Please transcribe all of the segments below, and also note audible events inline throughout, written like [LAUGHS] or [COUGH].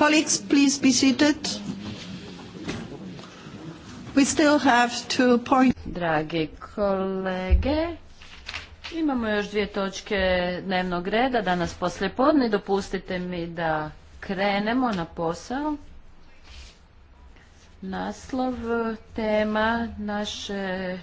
Colleagues, please be seated. We still have two Dragi kolege, imamo još dvije točke dnevnog reda danas poslije podne. Dopustite mi da krenemo na posao. Naslov tema naše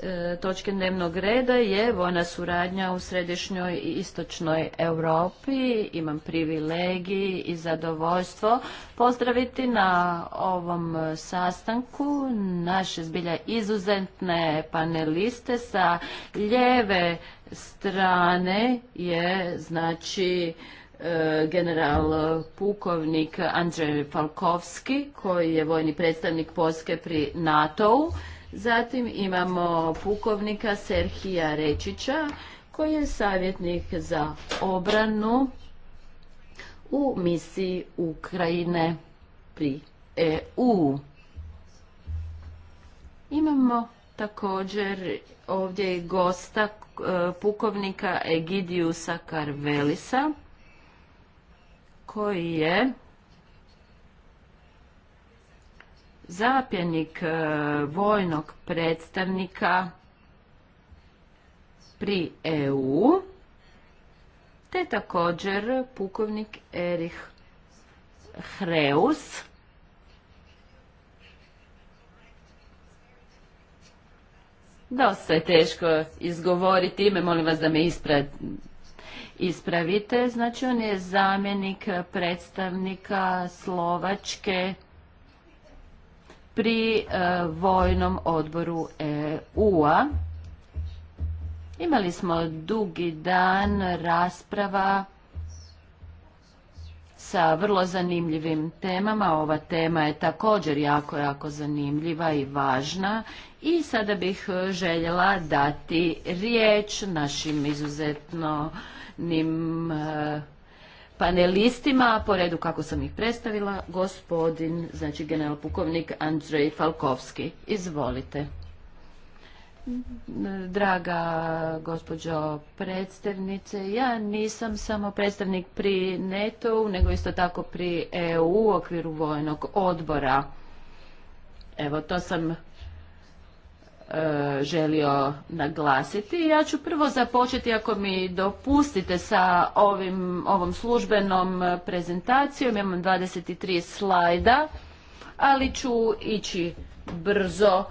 E, točke dnevnog reda je vojna suradnja u središnjoj i istočnoj Europi. Imam privilegij i zadovoljstvo pozdraviti na ovom sastanku naše zbilja izuzetne paneliste sa lijeve strane je znači e, general pukovnik Andrzej Falkovski koji je vojni predstavnik Polske pri NATO-u Zatim imamo pukovnika Serhija Rečića koji je savjetnik za obranu u misiji Ukrajine pri EU. Imamo također ovdje i gosta e, pukovnika Egidijusa Karvelisa koji je zapjenik e, vojnog predstavnika pri EU, te također pukovnik Erich Hreus, Dosta je teško izgovoriti ime, molim vas da me ispravite. Znači on je zamjenik predstavnika Slovačke pri e, vojnom odboru EU-a. Imali smo dugi dan rasprava sa vrlo zanimljivim temama. Ova tema je također jako, jako zanimljiva i važna. I sada bih željela dati riječ našim izuzetno. E, panelistima, po redu kako sam ih predstavila, gospodin, znači general pukovnik Andrzej Falkovski. Izvolite. Draga gospođo predstavnice, ja nisam samo predstavnik pri NATO, nego isto tako pri EU u okviru vojnog odbora. Evo, to sam E, želio naglasiti. Ja ću prvo započeti, ako mi dopustite, sa ovim, ovom službenom e, prezentacijom. Imam 23 slajda, ali ću ići brzo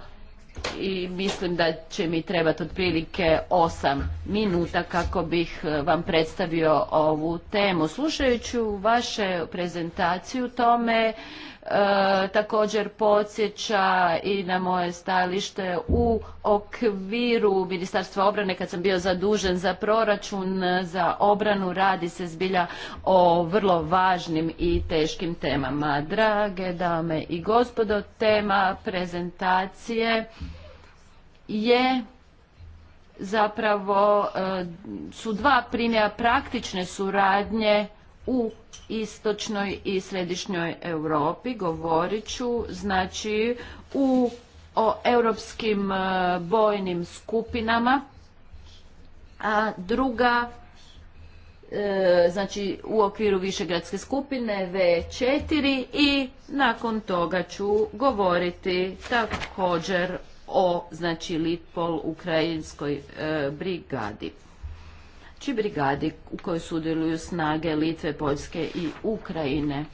i mislim da će mi trebati otprilike 8 minuta kako bih e, vam predstavio ovu temu. Slušajući vašu prezentaciju tome, E, također podsjeća i na moje stajalište u okviru Ministarstva obrane kad sam bio zadužen za proračun za obranu radi se zbilja o vrlo važnim i teškim temama. Drage dame i gospodo, tema prezentacije je zapravo e, su dva primjera praktične suradnje u istočnoj i središnjoj Europi govorit ću znači u o europskim e, bojnim skupinama a druga e, znači u okviru višegradske skupine V4 i nakon toga ću govoriti također o znači Litpol ukrajinskoj e, brigadi či brigadi u kojoj sudjeluju snage Litve, Poljske i Ukrajine.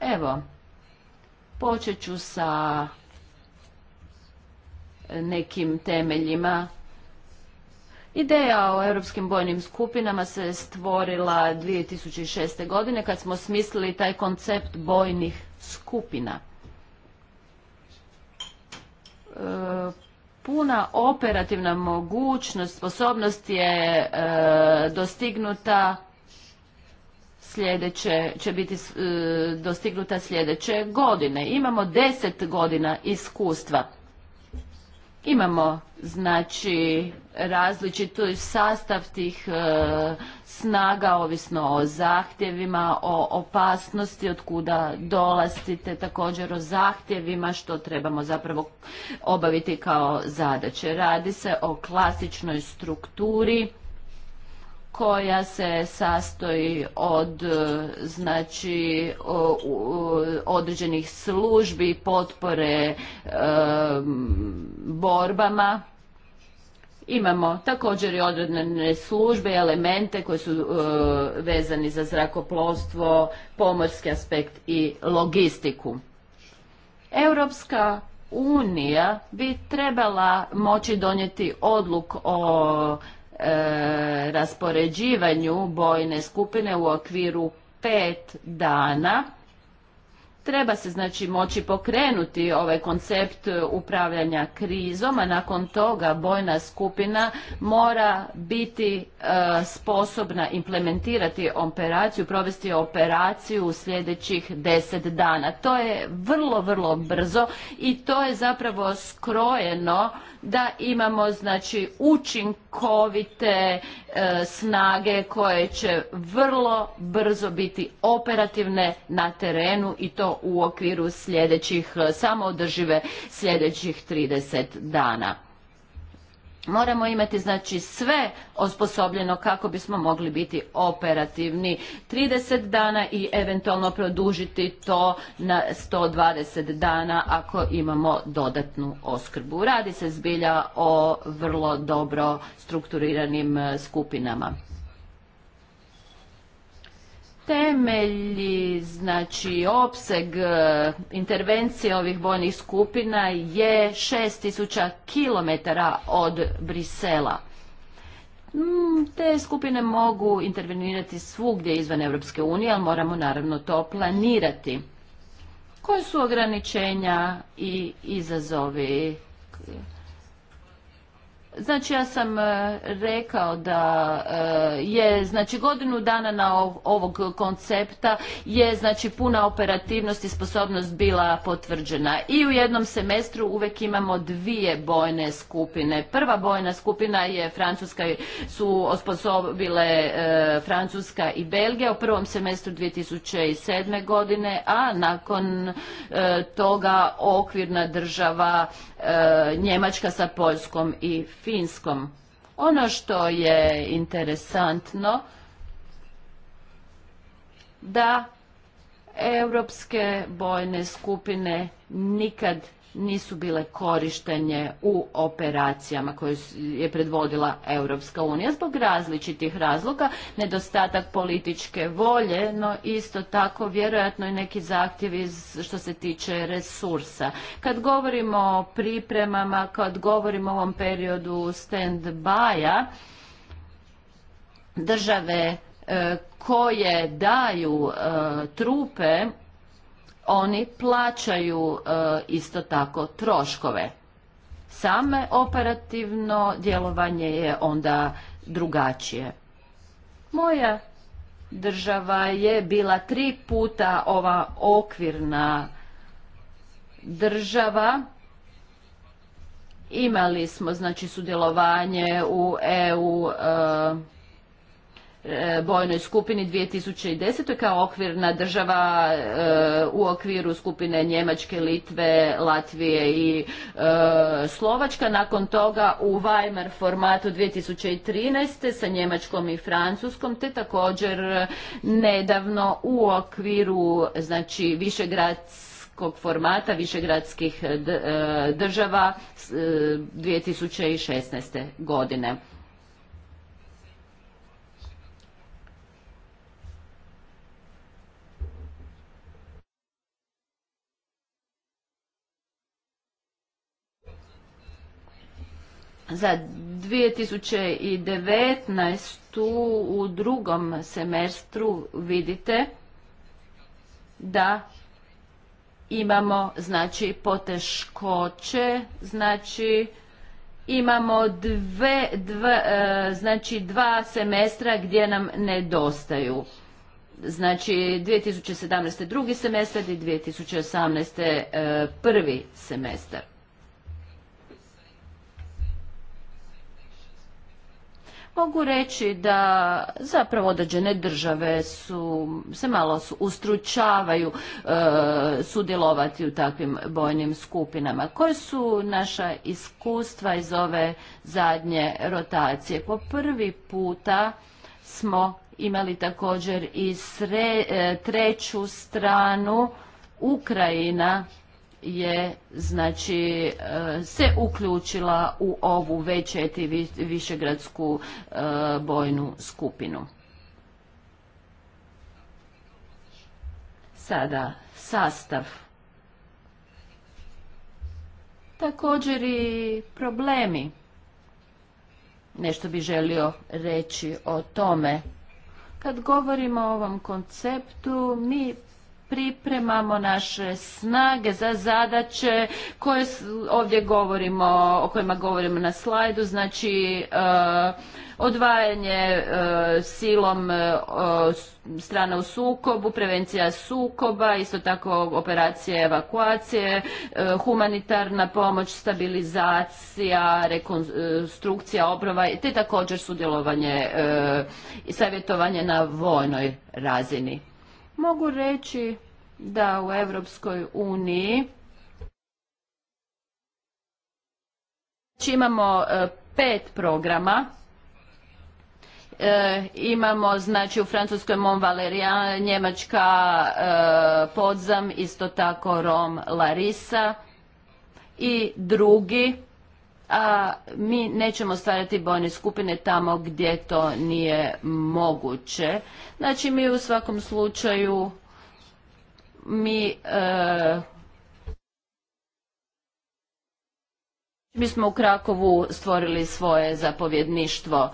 Evo, počet ću sa e, nekim temeljima. Ideja o europskim bojnim skupinama se stvorila 2006. godine kad smo smislili taj koncept bojnih skupina. E, puna operativna mogućnost, sposobnost je e, dostignuta sljedeće, će biti e, dostignuta sljedeće godine. Imamo deset godina iskustva. Imamo znači različiti sastav tih e, snaga ovisno o zahtjevima, o opasnosti od kuda dolazite, također o zahtjevima što trebamo zapravo obaviti kao zadaće. Radi se o klasičnoj strukturi koja se sastoji od znači određenih službi potpore borbama Imamo također i odredne službe, elemente koji su e, vezani za zrakoplovstvo, pomorski aspekt i logistiku. Europska unija bi trebala moći donijeti odluk o E, raspoređivanju bojne skupine u okviru pet dana treba se znači moći pokrenuti ovaj koncept upravljanja krizom, a nakon toga bojna skupina mora biti e, sposobna implementirati operaciju, provesti operaciju u sljedećih deset dana. To je vrlo, vrlo brzo i to je zapravo skrojeno da imamo znači učinkovite e, snage koje će vrlo brzo biti operativne na terenu i to u okviru sljedećih e, samoodržive sljedećih 30 dana Moramo imati znači sve osposobljeno kako bismo mogli biti operativni 30 dana i eventualno produžiti to na 120 dana ako imamo dodatnu oskrbu. Radi se zbilja o vrlo dobro strukturiranim eh, skupinama temelji, znači opseg e, intervencije ovih bojnih skupina je 6000 km od Brisela. Mm, te skupine mogu intervenirati svugdje izvan Europske unije, ali moramo naravno to planirati. Koje su ograničenja i izazovi Znači ja sam e, rekao da e, je znači godinu dana na ovog koncepta je znači puna operativnost i sposobnost bila potvrđena i u jednom semestru uvek imamo dvije bojne skupine. Prva bojna skupina je Francuska su osposobile e, Francuska i Belgija u prvom semestru 2007. godine, a nakon toga okvirna država Njemačka sa Poljskom i Finskom. Ono što je interesantno da Europske bojne skupine nikad nisu bile korištenje u operacijama koje je predvodila Europska unija zbog različitih razloga, nedostatak političke volje, no isto tako vjerojatno i neki zahtjevi što se tiče resursa. Kad govorimo o pripremama, kad govorimo o ovom periodu stand by države E, koje daju e, trupe, oni plaćaju e, isto tako troškove. Same operativno djelovanje je onda drugačije. Moja država je bila tri puta ova okvirna država. Imali smo znači sudjelovanje u EU E, bojnoj skupini 2010. kao okvirna država e, u okviru skupine Njemačke, Litve, Latvije i e, Slovačka. Nakon toga u Weimar formatu 2013. sa Njemačkom i Francuskom te također nedavno u okviru znači višegradskog formata višegradskih država 2016. godine. za 2019. u drugom semestru vidite da imamo znači poteškoće znači imamo dve, e, znači dva semestra gdje nam nedostaju znači 2017. drugi semestar i 2018. E, prvi semestar mogu reći da zapravo određene države su, se malo ustručavaju e, sudjelovati u takvim bojnim skupinama. Koje su naša iskustva iz ove zadnje rotacije? Po prvi puta smo imali također i e, treću stranu Ukrajina je znači e, se uključila u ovu većeti višegradsku e, bojnu skupinu. Sada sastav. Također i problemi. Nešto bi želio reći o tome. Kad govorimo o ovom konceptu, mi pripremamo naše snage za zadaće koje ovdje govorimo, o kojima govorimo na slajdu, znači e, odvajanje e, silom e, strana u sukobu, prevencija sukoba, isto tako operacije evakuacije, humanitarna pomoć, stabilizacija, rekonstrukcija obrova te također sudjelovanje i savjetovanje na vojnoj razini. Mogu reći da u Europskoj uniji imamo e, pet programa e, imamo znači u Francuskoj Mont Valerian, Njemačka e, Podzam, isto tako Rom Larisa i drugi a mi nećemo stvarati bojne skupine tamo gdje to nije moguće. Znači mi u svakom slučaju mi e, mi smo u Krakovu stvorili svoje zapovjedništvo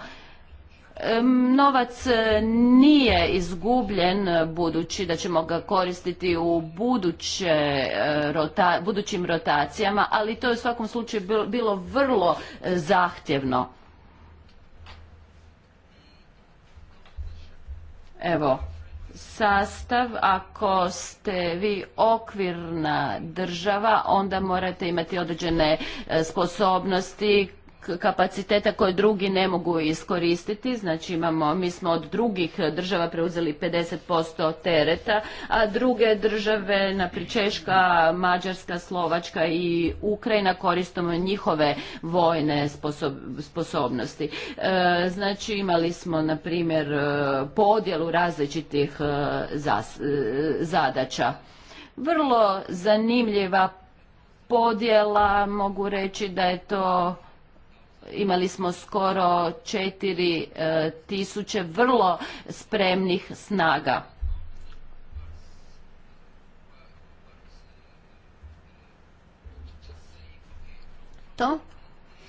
Novac e, nije izgubljen e, budući da ćemo ga koristiti u e, budućim rotacijama, ali to je u svakom slučaju bilo vrlo zahtjevno. Evo, sastav, ako ste vi okvirna država, onda morate imati određene sposobnosti kapaciteta koje drugi ne mogu iskoristiti. Znači imamo, mi smo od drugih država preuzeli 50% tereta, a druge države, na Češka, Mađarska, Slovačka i Ukrajina koristimo njihove vojne sposobnosti. E, znači imali smo, na primjer, e, podjelu različitih e, zadaća. Vrlo zanimljiva podjela, mogu reći da je to imali smo skoro e, tisuće vrlo spremnih snaga. To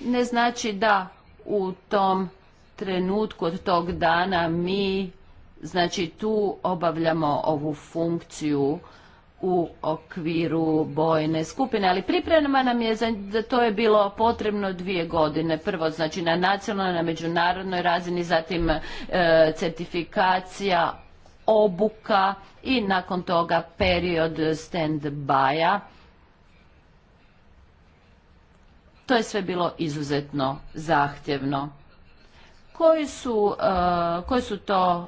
ne znači da u tom trenutku od tog dana mi znači tu obavljamo ovu funkciju u okviru bojne skupine, ali priprema nam je da to je bilo potrebno dvije godine. Prvo znači na nacionalnoj, na međunarodnoj razini, zatim e, certifikacija, obuka i nakon toga period stand by To je sve bilo izuzetno zahtjevno. Koji su, e, koji su to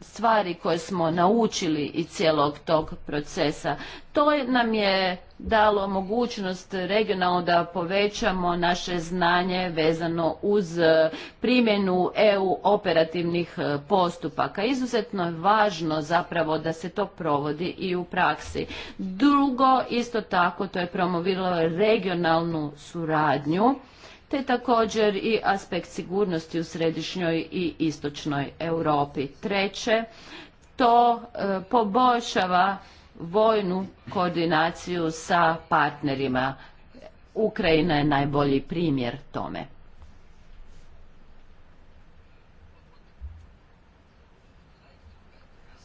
stvari koje smo naučili i cijelog tog procesa. To nam je dalo mogućnost regionalno da povećamo naše znanje vezano uz e, primjenu EU operativnih e, postupaka. Izuzetno je važno zapravo da se to provodi i u praksi. Drugo, isto tako, to je promoviralo regionalnu suradnju te također i aspekt sigurnosti u središnjoj i istočnoj Europi. Treće, to e, poboljšava vojnu koordinaciju sa partnerima. Ukrajina je najbolji primjer tome.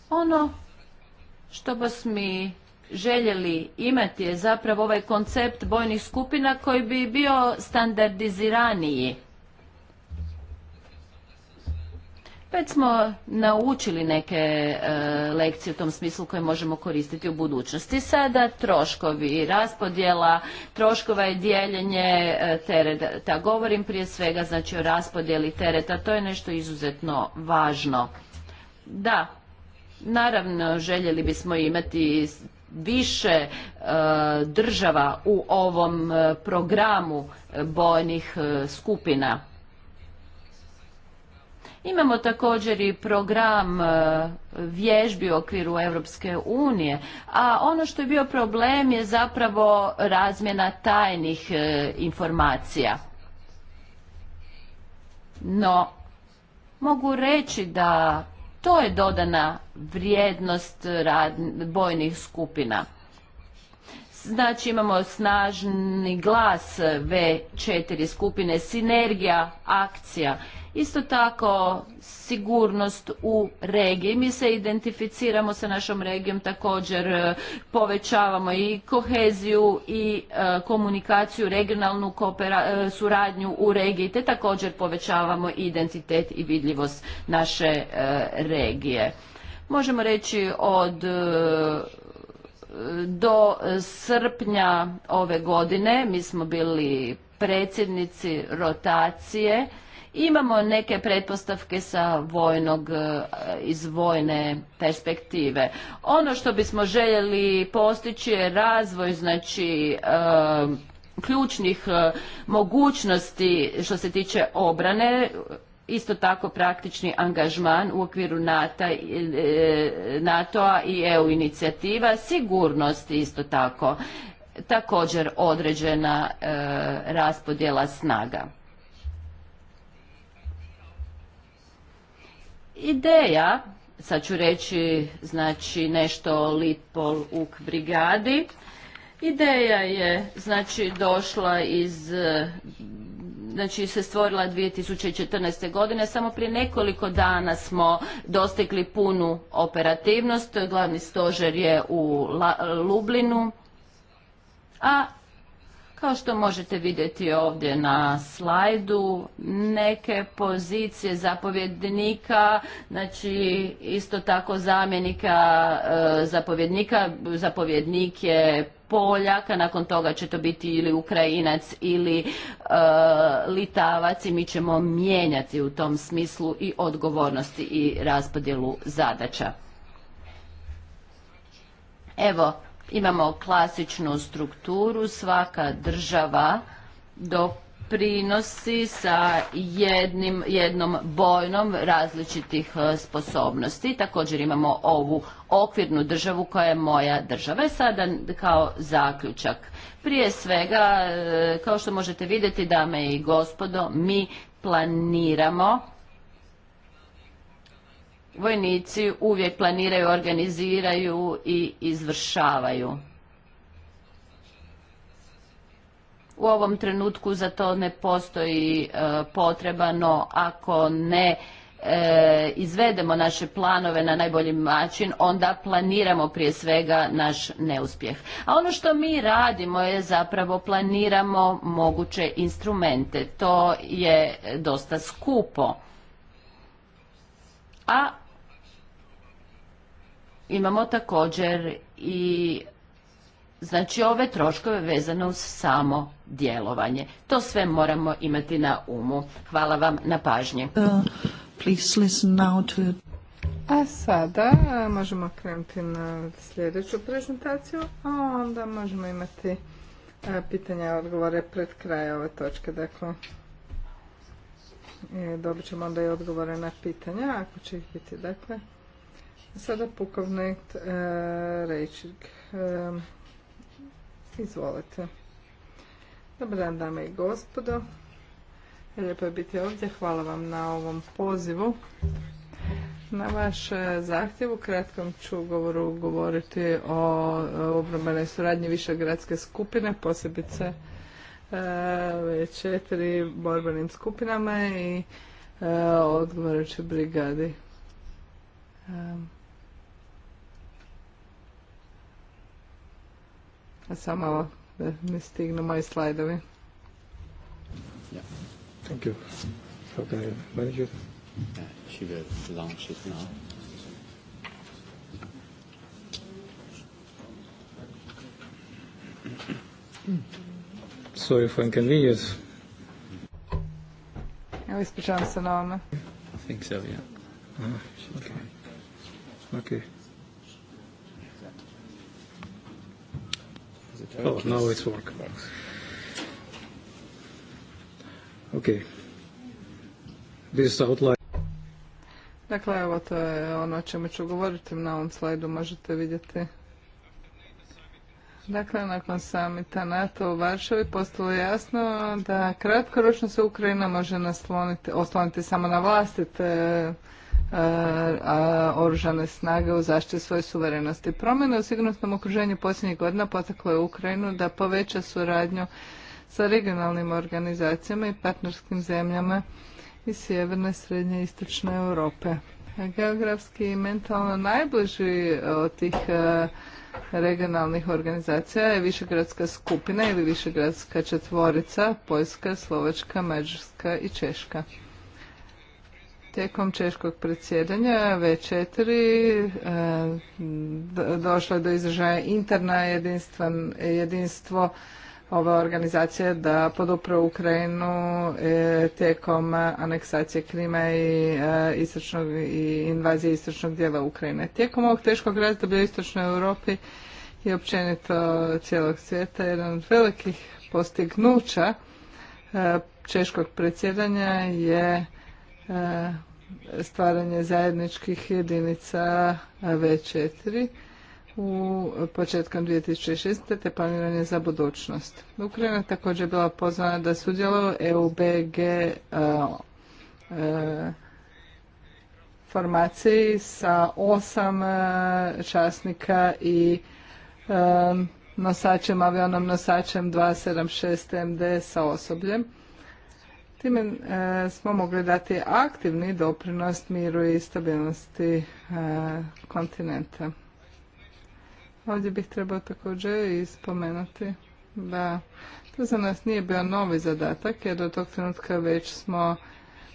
Ono što bas mi željeli imati je zapravo ovaj koncept bojnih skupina koji bi bio standardiziraniji. Već smo naučili neke e, lekcije u tom smislu koje možemo koristiti u budućnosti. Sada troškovi, raspodjela troškova i dijeljenje e, tereta. Govorim prije svega znači o raspodjeli tereta, to je nešto izuzetno važno. Da, naravno željeli bismo imati više e, država u ovom e, programu e, bojnih skupina. Imamo također i program vježbi u okviru Europske unije, a ono što je bio problem je zapravo razmjena tajnih informacija. No, mogu reći da to je dodana vrijednost bojnih skupina. Znači imamo snažni glas V4 skupine, sinergija, akcija. Isto tako sigurnost u regiji. Mi se identificiramo sa našom regijom također, povećavamo i koheziju i e, komunikaciju, regionalnu e, suradnju u regiji, te također povećavamo identitet i vidljivost naše e, regije možemo reći od e, do srpnja ove godine mi smo bili predsjednici rotacije imamo neke pretpostavke sa vojnog e, iz vojne perspektive ono što bismo željeli postići je razvoj znači e, ključnih mogućnosti što se tiče obrane isto tako praktični angažman u okviru NATO-a i EU e inicijativa, sigurnost isto tako, također određena e, raspodjela snaga. Ideja, sad ću reći znači nešto o Litpol UK brigadi, Ideja je znači došla iz znači se stvorila 2014. godine. Samo prije nekoliko dana smo dostigli punu operativnost. Glavni stožer je u Lublinu. A kao što možete vidjeti ovdje na slajdu, neke pozicije zapovjednika, znači isto tako zamjenika e, zapovjednika, zapovjednik je Poljaka, nakon toga će to biti ili Ukrajinac ili e, Litavac i mi ćemo mijenjati u tom smislu i odgovornosti i raspodjelu zadaća. Evo, imamo klasičnu strukturu, svaka država do prinosi sa jednim, jednom bojnom različitih e, sposobnosti. Također imamo ovu okvirnu državu koja je moja država. E, sada kao zaključak. Prije svega, e, kao što možete vidjeti, dame i gospodo, mi planiramo Vojnici uvijek planiraju, organiziraju i izvršavaju. U ovom trenutku za to ne postoji e, potreba, no ako ne e, izvedemo naše planove na najbolji način, onda planiramo prije svega naš neuspjeh. A ono što mi radimo je zapravo planiramo moguće instrumente. To je dosta skupo. A imamo također i Znači ove troškove vezano uz samo djelovanje. To sve moramo imati na umu. Hvala vam na pažnji. Uh, a sada e, možemo krenuti na sljedeću prezentaciju, a onda možemo imati e, pitanja i odgovore pred kraj ove točke. Dakle, e, dobit ćemo onda i odgovore na pitanja, ako će ih biti. Dakle, sada pukovnik e, Izvolite. Dobar dan dame i gospodo. Lijepo je biti ovdje. Hvala vam na ovom pozivu. Na vaš e, zahtjev u kratkom ću govoru govoriti o e, obrambenoj suradnji višegradske skupine, posebice e, četiri borbenim skupinama i odgovarajućoj brigadi. Samo malo da ne stignu moji slajdovi. Yeah. Thank you. How can I manage it? Yeah, she will launch it now. Sorry for inconvenience. Evo ispričavam se na ovome. I think so, yeah. Okay. Oh, now it's work. This outline. Dakle, evo to je ono o čemu ću govoriti. Na ovom slajdu možete vidjeti. Dakle, nakon samita NATO u Varšavi postalo jasno da kratkoročno se Ukrajina može osloniti samo na vlastite oružane snage u zaštiti svoje suverenosti. Promjene u sigurnosnom okruženju posljednjih godina potaklo je Ukrajinu da poveća suradnju sa regionalnim organizacijama i partnerskim zemljama iz sjeverne, srednje i istočne Europe. Geografski i mentalno najbliži od tih regionalnih organizacija je Višegradska skupina ili Višegradska četvorica, Poljska, Slovačka, Mađarska i Češka. Tijekom češkog predsjedanja V4 e, došlo je do izražaja interna jedinstvo ove organizacije da podupra Ukrajinu e, tijekom aneksacije Krima i, e, i invazije istočnog dijela Ukrajine. Tijekom ovog teškog razdoblja u istočnoj Europi i općenito cijelog svijeta jedan od velikih postignuća češkog predsjedanja je E, stvaranje zajedničkih jedinica V4 u početkom 2006. te planiranje za budućnost. Ukrajina je također bila pozvana da sudjeluje EUBG e, e, formaciji sa osam časnika i nosačem, avionom nosačem 276 MD sa osobljem Time e, smo mogli dati aktivni doprinos miru i stabilnosti e, kontinenta. Ovdje bih trebao također i spomenuti da to za nas nije bio novi zadatak jer do tog trenutka već smo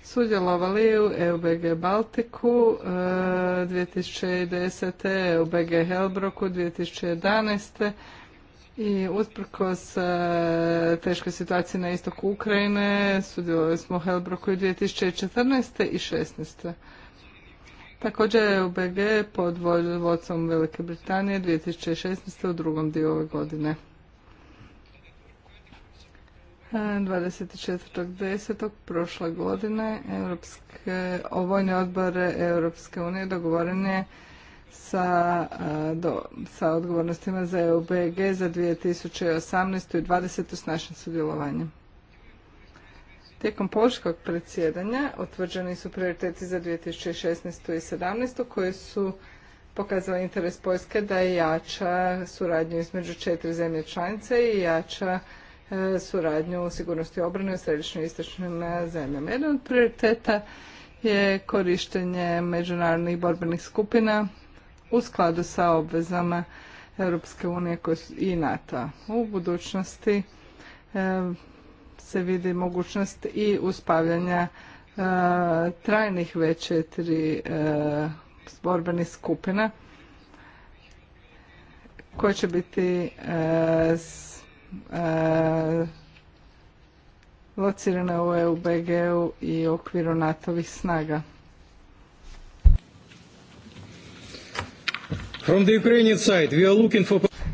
sudjelovali u EUBG Baltiku e, 2010. EUBG Helbroku 2011. I usprkos e, teškoj situaciji na istoku Ukrajine, sudjelovali smo u Helbroku i 2014. i 2016. Također je UBG pod vodstvom Velike Britanije 2016. u drugom dio ove godine. 24.10. E, prošle godine Europske, ovojni odbor Europske unije dogovoren je sa, do, sa odgovornostima za EUBG za 2018. i 2020. s našim sudjelovanjem. Tijekom poljskog predsjedanja utvrđeni su prioriteti za 2016. i 2017. koji su pokazali interes Poljske da jača suradnju između četiri zemlje članice i jača e, suradnju u sigurnosti obrane u središnjoj i istočnim e, zemljama. Jedan od prioriteta je korištenje međunarodnih borbenih skupina u skladu sa obvezama Europske unije i NATO. U budućnosti e, se vidi mogućnost i uspavljanja e, trajnih veće 4 e, borbenih skupina koje će biti locirane u EUBG-u i u okviru nato snaga. From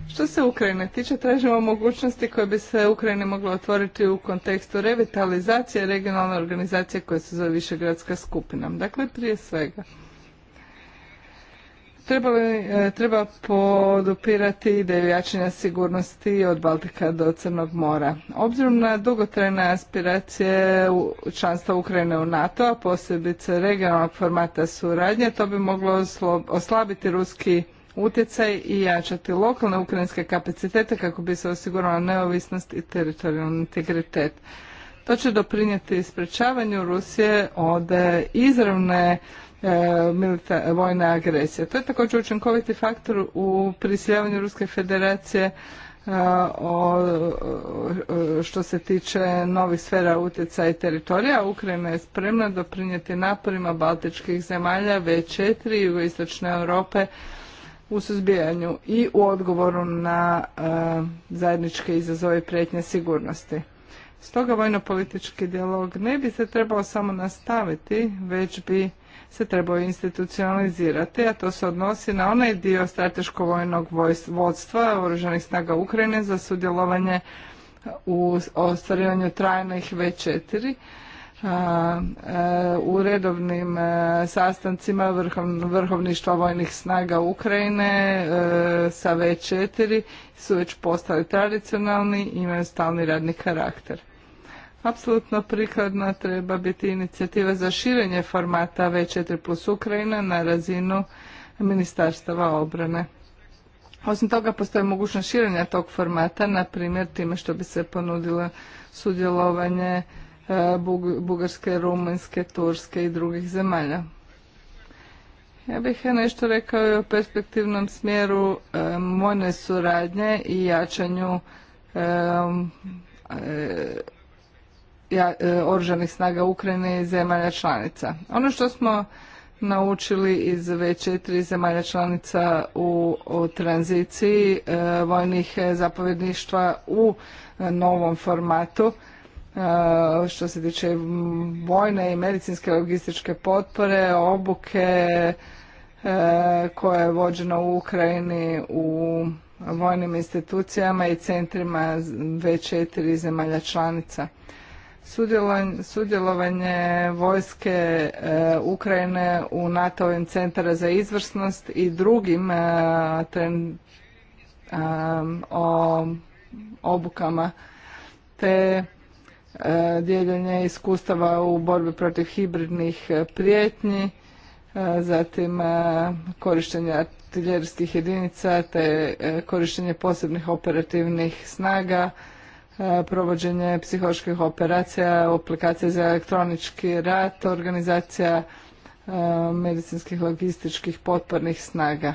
Što se Ukrajine tiče, tražimo mogućnosti koje bi se Ukrajine moglo otvoriti u kontekstu revitalizacije regionalne organizacije koje se zove Višegradska skupina. Dakle, prije svega, treba, e, treba podupirati ideju jačanja sigurnosti od Baltika do Crnog mora. Obzirom na dugotrajne aspiracije članstva Ukrajine u NATO, a posebice regionalnog formata suradnje, to bi moglo oslabiti ruski utjecaj i jačati lokalne ukrajinske kapacitete kako bi se osigurala neovisnost i teritorijalni integritet. To će doprinijeti sprečavanju Rusije od izravne e, vojne agresije. To je također učinkoviti faktor u prisiljavanju Ruske federacije e, o, što se tiče novih sfera utjecaja i teritorija, Ukrajina je spremna doprinijeti naporima baltičkih zemalja V4 i jugoistočne Europe u suzbijanju i u odgovoru na e, zajedničke izazove i prijetnje sigurnosti. Stoga vojno-politički dijalog ne bi se trebao samo nastaviti, već bi se trebao institucionalizirati, a to se odnosi na onaj dio strateško-vojnog vodstva Oružanih snaga Ukrajine za sudjelovanje u ostvarivanju trajnih V4 u redovnim sastancima vrhovništva vojnih snaga Ukrajine e, sa V4 su već postali tradicionalni i imaju stalni radni karakter. Apsolutno prikladna treba biti inicijativa za širenje formata V4 plus Ukrajina na razinu ministarstava obrane. Osim toga postoji mogućnost širenja tog formata, na primjer time što bi se ponudilo sudjelovanje Eh, Bugarske, Rumunjske, Turske i drugih zemalja. Ja bih ja nešto rekao i o perspektivnom smjeru mojne eh, suradnje i jačanju eh, oružanih snaga Ukrajine i zemalja članica. Ono što smo naučili iz V4 zemalja članica u, tranziciji vojnih zapovjedništva u novom formatu E, što se tiče vojne i medicinske logističke potpore, obuke e, koja je vođena u Ukrajini u vojnim institucijama i centrima V4 zemalja članica. Sudjelovanje vojske e, Ukrajine u NATO-ovim centara za izvrsnost i drugim obukama te E, dijeljenje iskustava u borbi protiv hibridnih e, prijetnji, e, zatim korištenje artiljerskih jedinica te korištenje posebnih operativnih snaga, provođenje psiholoških operacija, aplikacija za elektronički rat, organizacija medicinskih logističkih potpornih snaga.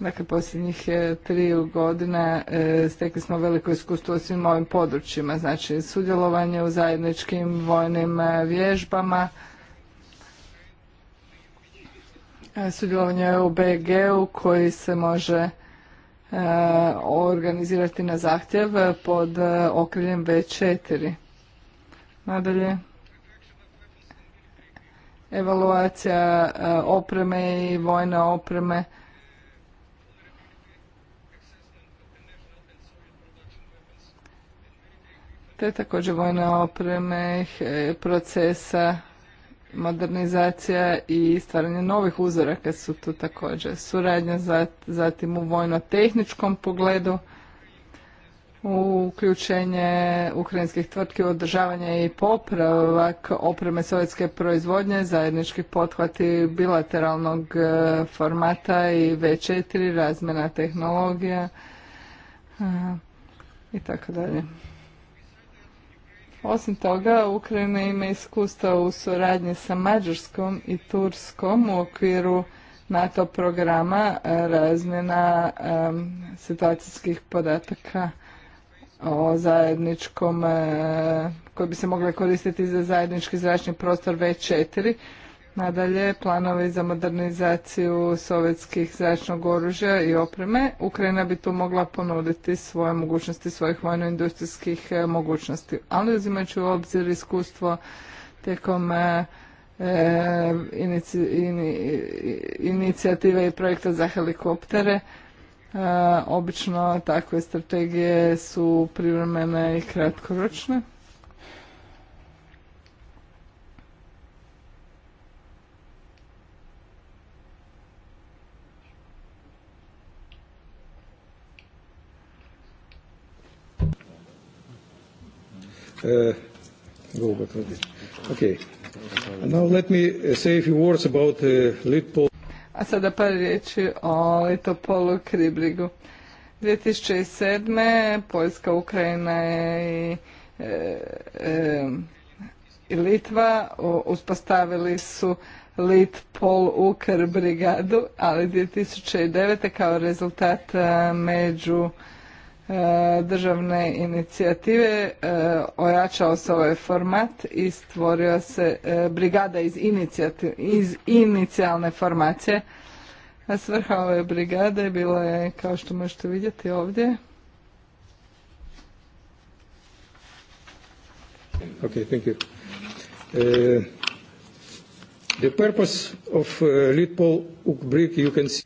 Dakle, posljednjih e, triju godina e, stekli smo veliko iskustvo u svim ovim područjima, znači sudjelovanje u zajedničkim vojnim e, vježbama, sudjelovanje u BG-u koji se može organizirati na zahtjev pod okriljem B4. Nadalje, evaluacija opreme i vojne opreme, te također vojne opreme, e, procesa, modernizacija i stvaranje novih uzoraka su tu također. Suradnja zatim u vojno-tehničkom pogledu, uključenje ukrajinskih tvrtki u održavanje i popravak opreme sovjetske proizvodnje, zajednički pothvati bilateralnog e, formata i V4, razmjena tehnologija e, i tako dalje. Osim toga, Ukrajina ima iskustva u suradnji sa Mađarskom i Turskom u okviru NATO programa e, razmjena situacijskih podataka o zajedničkom, e, koji bi se mogle koristiti za zajednički zračni prostor V4 Nadalje, planovi za modernizaciju sovjetskih zračnog oružja i opreme. Ukrajina bi tu mogla ponuditi svoje mogućnosti, svojih vojno-industrijskih e, mogućnosti. Ali uzimajući u obzir iskustvo tijekom e, e, inicijative i projekta za helikoptere, obično takve strategije su privremene i kratkoročne uh, go back. Okay. And now let me say a few words about uh, Litpol. A sada par riječi o Litopolu Kribrigu. 2007. Poljska, Ukrajina i e, e, i Litva uspostavili su Litpol Ukr brigadu, ali 2009. kao rezultat e, među E, državne inicijative e, ojačao se ovaj format i stvorio se e, brigada iz, iz inicijalne formacije. A svrha ove brigade bilo je, kao što možete vidjeti ovdje, Okay, thank you. Uh, the purpose of uh, Litpol Ukbrik, you can see...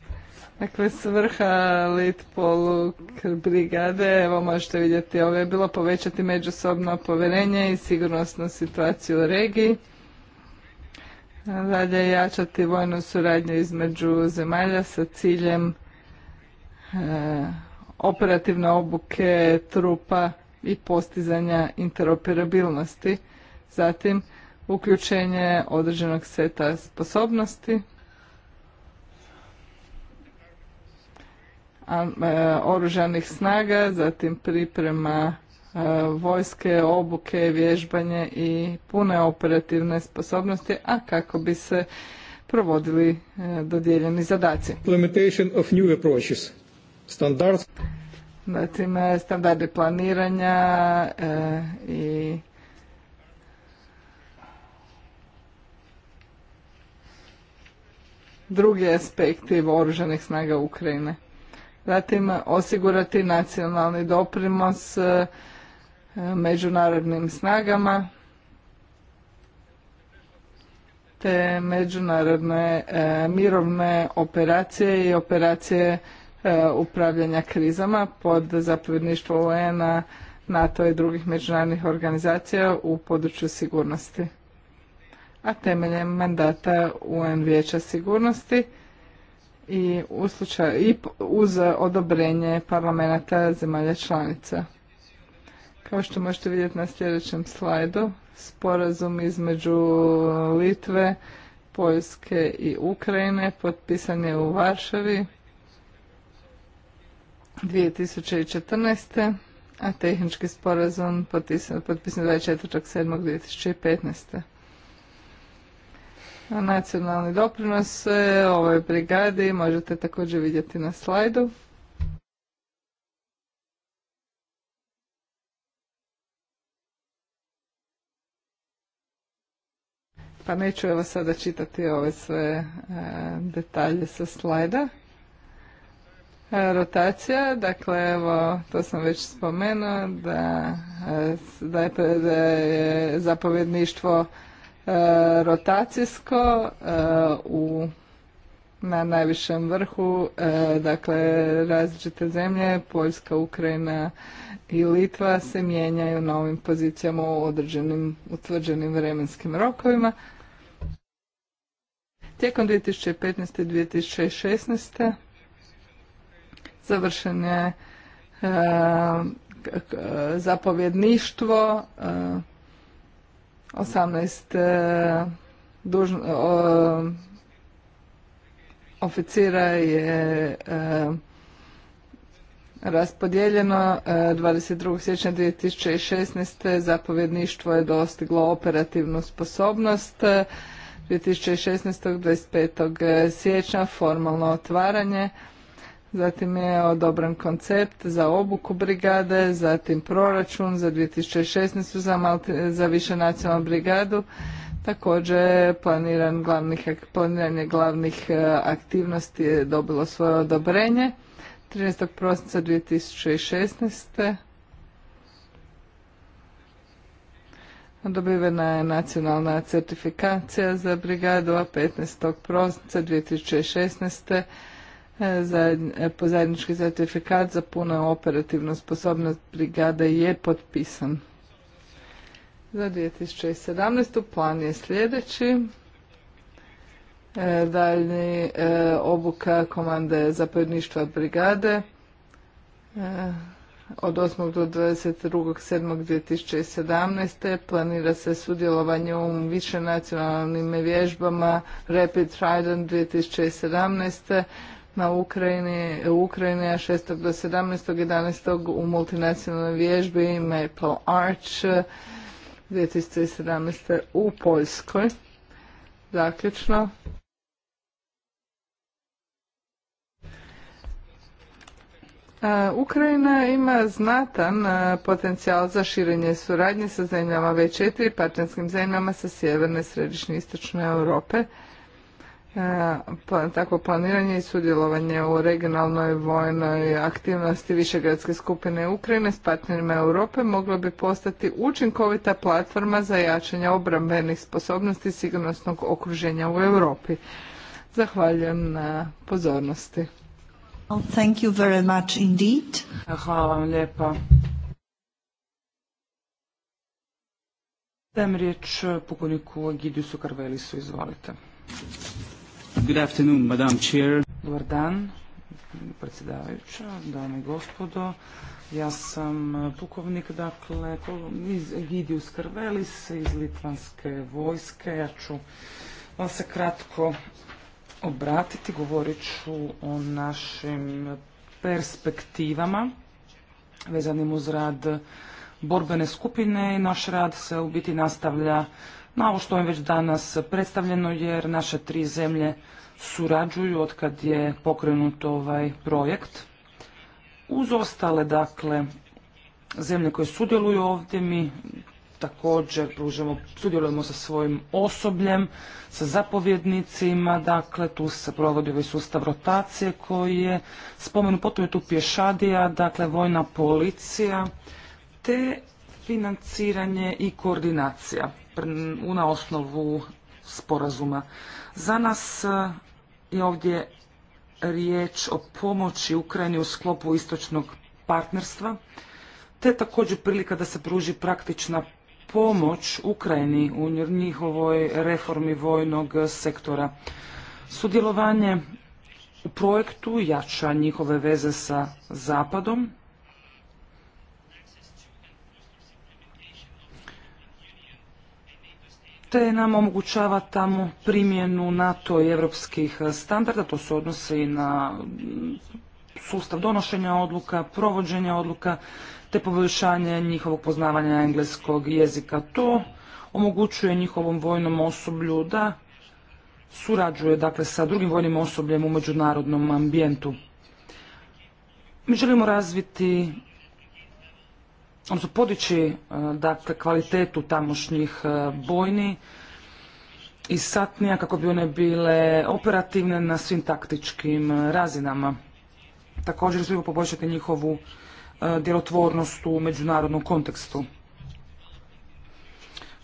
Dakle, svrha Litpolu brigade, evo možete vidjeti, ovo je bilo povećati međusobno povjerenje i sigurnosnu situaciju u regiji. Dalje jačati vojnu suradnju između zemalja sa ciljem e, operativne obuke trupa i postizanja interoperabilnosti. Zatim, uključenje određenog seta sposobnosti E, oružanih snaga, zatim priprema e, vojske, obuke, vježbanje i pune operativne sposobnosti, a kako bi se provodili e, dodijeljeni zadaci. Implementation of Zatim standardi planiranja i drugi aspekti oružanih snaga Ukrajine zatim osigurati nacionalni doprinos e, međunarodnim snagama te međunarodne e, mirovne operacije i operacije e, upravljanja krizama pod zapovjedništvo UN-a, NATO i drugih međunarodnih organizacija u području sigurnosti. A temeljem mandata UN Vijeća sigurnosti i, u slučaju, i uz odobrenje parlamenta zemalja članica. Kao što možete vidjeti na sljedećem slajdu, sporazum između Litve, Poljske i Ukrajine potpisan je u Varšavi 2014. a tehnički sporazum potpisan je 24.7.2015 nacionalni doprinos e, ovoj brigadi možete također vidjeti na slajdu. Pa neću evo sada čitati ove sve e, detalje sa slajda. E, rotacija, dakle evo, to sam već spomenuo, da, da je zapovjedništvo E, rotacijsko e, u na najvišem vrhu, e, dakle različite zemlje, Poljska, Ukrajina i Litva se mijenjaju na ovim pozicijama u određenim utvrđenim vremenskim rokovima. Tijekom 2015. i 2016. završen je zapovjedništvo 18 e, e, oficira je e, raspodijeljeno. 22. E, siječnja 2016. zapovjedništvo je dostiglo operativnu sposobnost. 2016. 25. siječnja formalno otvaranje. Zatim je odobren koncept za obuku brigade, zatim proračun za 2016. za, Malti, za više nacionalnu brigadu. Također planiran glavnih, planiranje glavnih e, aktivnosti je dobilo svoje odobrenje. 13. prosinca 2016. Dobivena je nacionalna certifikacija za brigadu, a 15. prosinca 2016 zajednički certifikat za puno operativnu sposobnost brigade je potpisan. Za 2017. plan je sljedeći. E, Daljni e, obuka komande zapovjedništva brigade e, od 8. do 22.7.2017. planira se sudjelovanje u višenacionalnim vježbama Rapid Trident 2017 na Ukrajini, Ukrajini, a 6. do 17. 11. u multinacionalnoj vježbi Maple Arch 2017. u Poljskoj. Zaključno. Ukrajina ima znatan potencijal za širenje suradnje sa zemljama V4 i partnerskim zemljama sa sjeverne, središnje i istočne Europe. E, pa, takvo planiranje i sudjelovanje u regionalnoj vojnoj aktivnosti višegradske skupine Ukrajine s partnerima Europe moglo bi postati učinkovita platforma za jačanje obrambenih sposobnosti sigurnosnog okruženja u Europi. Zahvaljujem na pozornosti. Thank you very much indeed. Hvala vam lijepa. Dajem riječ pukovniku Egidiusu Karvelisu, izvolite. Good Dobar dan, predsjedavajuća, dame i gospodo. Ja sam pukovnik, dakle, iz Egidius Krvelis, iz Litvanske vojske. Ja ću vam se kratko obratiti, govorit ću o našim perspektivama vezanim uz rad borbene skupine i naš rad se u biti nastavlja na ovo što je već danas predstavljeno jer naše tri zemlje surađuju od kad je pokrenut ovaj projekt. Uz ostale, dakle, zemlje koje sudjeluju ovdje, mi također pružamo, sudjelujemo sa svojim osobljem, sa zapovjednicima, dakle tu se provodi ovaj sustav rotacije koji je spomenu potom je tu pješadija, dakle vojna policija, te financiranje i koordinacija na osnovu sporazuma. Za nas e, je ovdje riječ o pomoći Ukrajini u sklopu istočnog partnerstva, te također prilika da se pruži praktična pomoć Ukrajini u njihovoj reformi vojnog sektora. Sudjelovanje u projektu jača njihove veze sa Zapadom, te nam omogućava tamo primjenu NATO i evropskih standarda, to se odnosi na sustav donošenja odluka, provođenja odluka, te poboljšanje njihovog poznavanja engleskog jezika. To omogućuje njihovom vojnom osoblju da surađuje dakle, sa drugim vojnim osobljem u međunarodnom ambijentu. Mi želimo razviti su podići e, dakle, kvalitetu tamošnjih e, bojni i satnija kako bi one bile operativne na svim taktičkim e, razinama. Također želimo poboljšati njihovu djelotvornost u međunarodnom kontekstu.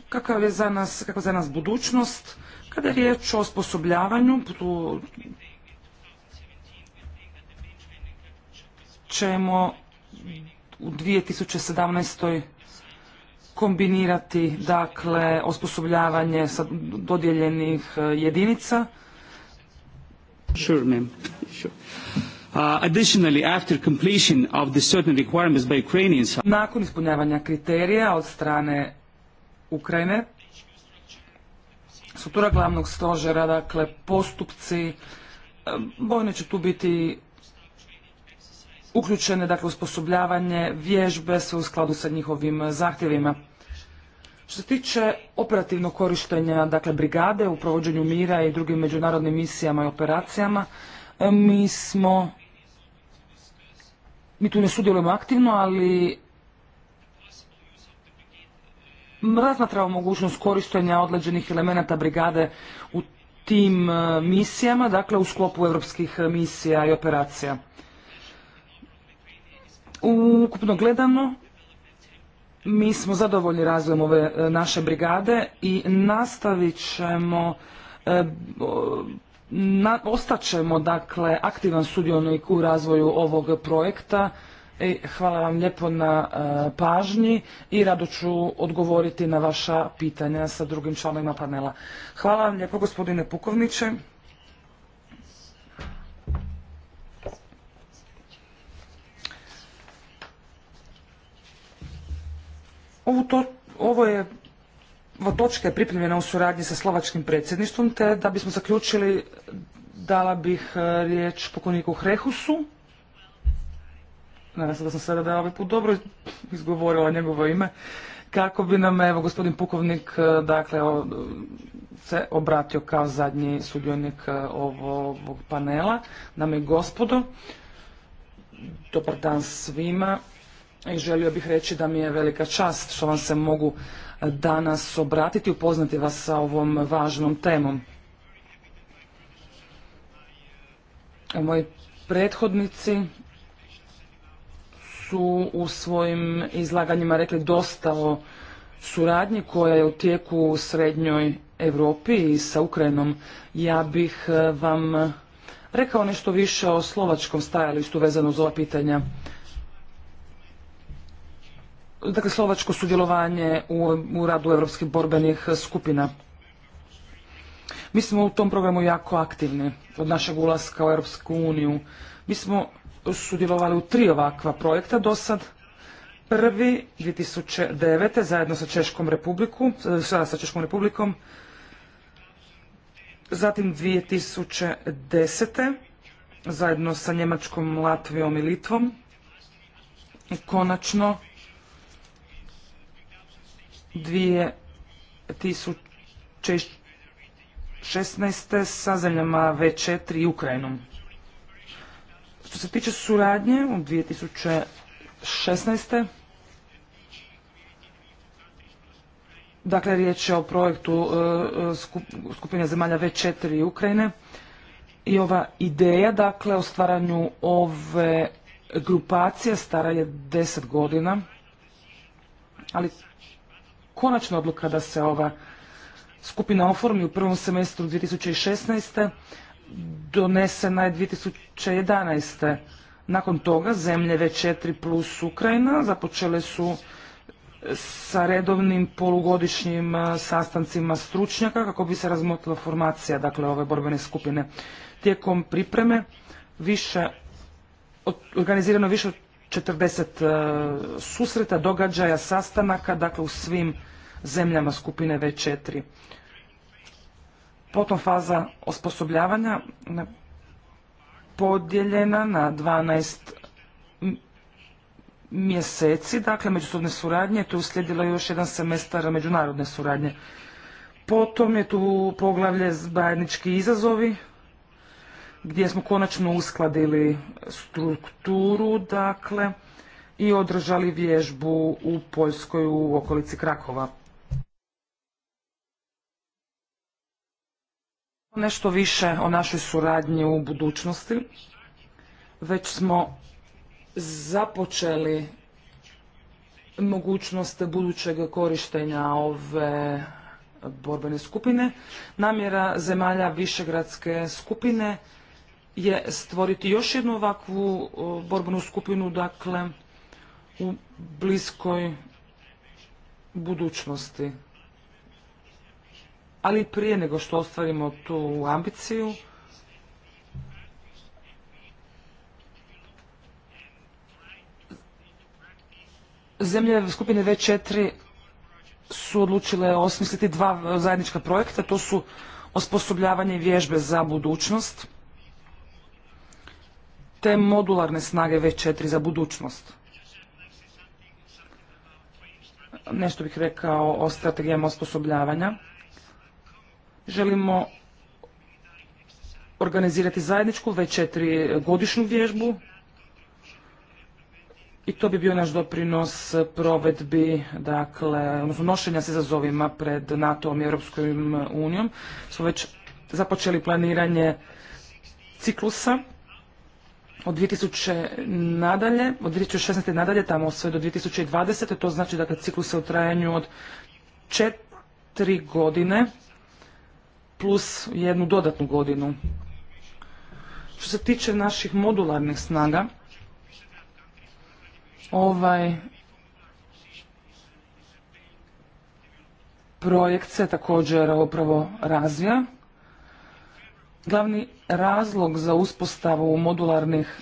Kakav je za nas, kakva je za nas budućnost? Kada je riječ o osposobljavanju, tu ćemo u 2017. kombinirati dakle osposobljavanje sa dodijeljenih e, jedinica. Sure, uh, additionally, after completion of the certain requirements by Ukrainians... Nakon ispunjavanja kriterija od strane Ukrajine, struktura glavnog stožera, dakle postupci, e, bojne će tu biti uključene, dakle osposobljavanje, vježbe, sve u skladu sa njihovim zahtjevima. Što se tiče operativnog korištenja dakle, brigade u provođenju mira i drugim međunarodnim misijama i operacijama, e, mi smo, mi tu ne sudjelujemo aktivno, ali razmatramo mogućnost korištenja određenih elemenata brigade u tim e, misijama, dakle u sklopu europskih misija i operacija. Ukupno gledano, mi smo zadovoljni razvojem ove e, naše brigade i nastavit ćemo e, ostaćemo dakle aktivan sudionik u razvoju ovog projekta e, hvala vam lijepo na pažnji i rado ću odgovoriti na vaša pitanja sa drugim članovima panela. Hvala vam lijepo gospodine Pukovniče. Ovo, je ova točka je pripremljena u suradnji sa slovačkim predsjedništvom, te da bismo zaključili dala bih e, riječ pokojniku Hrehusu. Nadam se da sam sada da ovaj put dobro izgovorila njegovo ime. Kako bi nam, evo, gospodin Pukovnik, e, dakle, se obratio kao zadnji sudionik e, ovog panela. Nama i gospodo, dobar dan svima i želio bih reći da mi je velika čast što vam se mogu e, danas obratiti i upoznati vas sa ovom važnom temom. E, moji prethodnici su u svojim izlaganjima rekli dosta o suradnji koja je u tijeku u srednjoj Europi i sa Ukrajinom. Ja bih e, vam rekao nešto više o slovačkom stajalištu vezano uz ova pitanja dakle, slovačko sudjelovanje u, u radu europskih borbenih skupina. Mi smo u tom programu jako aktivni od našeg ulaska u Europsku uniju. Mi smo sudjelovali u tri ovakva projekta do sad. Prvi 2009. zajedno sa Češkom republiku, sa Češkom republikom, zatim 2010. zajedno sa Njemačkom, Latvijom i Litvom i konačno 2016. sa zemljama V4 i Ukrajinom. Što se tiče suradnje u 2016. Dakle, riječ je o projektu e, skupine zemalja V4 i Ukrajine i ova ideja, dakle, o stvaranju ove grupacije stara je deset godina, ali konačna odluka da se ova skupina oformi u prvom semestru 2016. donesena je 2011. Nakon toga zemlje V4 plus Ukrajina započele su sa redovnim polugodišnjim e, sastancima stručnjaka kako bi se razmotila formacija dakle, ove borbene skupine. Tijekom pripreme više organizirano više od 40 e, susreta, događaja, sastanaka, dakle u svim zemljama skupine V4. Potom faza osposobljavanja podijeljena na 12 mjeseci, dakle međusobne suradnje, tu je uslijedilo još jedan semestar međunarodne suradnje. Potom je tu poglavlje zajednički izazovi, gdje smo konačno uskladili strukturu, dakle, i održali vježbu u Poljskoj u okolici Krakova. Nešto više o našoj suradnji u budućnosti. Već smo započeli mogućnost budućeg korištenja ove borbene skupine. Namjera zemalja višegradske skupine je stvoriti još jednu ovakvu borbenu skupinu, dakle, u bliskoj budućnosti. Ali prije nego što ostvarimo tu ambiciju, zemlje skupine V4 su odlučile osmisliti dva zajednička projekta, to su osposobljavanje i vježbe za budućnost, te modularne snage V4 za budućnost. Nešto bih rekao o strategijama osposobljavanja. Želimo organizirati zajedničku V4 godišnju vježbu i to bi bio naš doprinos provedbi, dakle, odnosno nošenja se zazovima pred NATO-om i Europskom unijom. Smo već započeli planiranje ciklusa od 2000 nadalje, od 2016. nadalje, tamo sve do 2020. To znači dakle ciklus je u trajanju od četiri godine plus jednu dodatnu godinu. Što se tiče naših modularnih snaga, ovaj projekt se također upravo razvija. Glavni razlog za uspostavu modularnih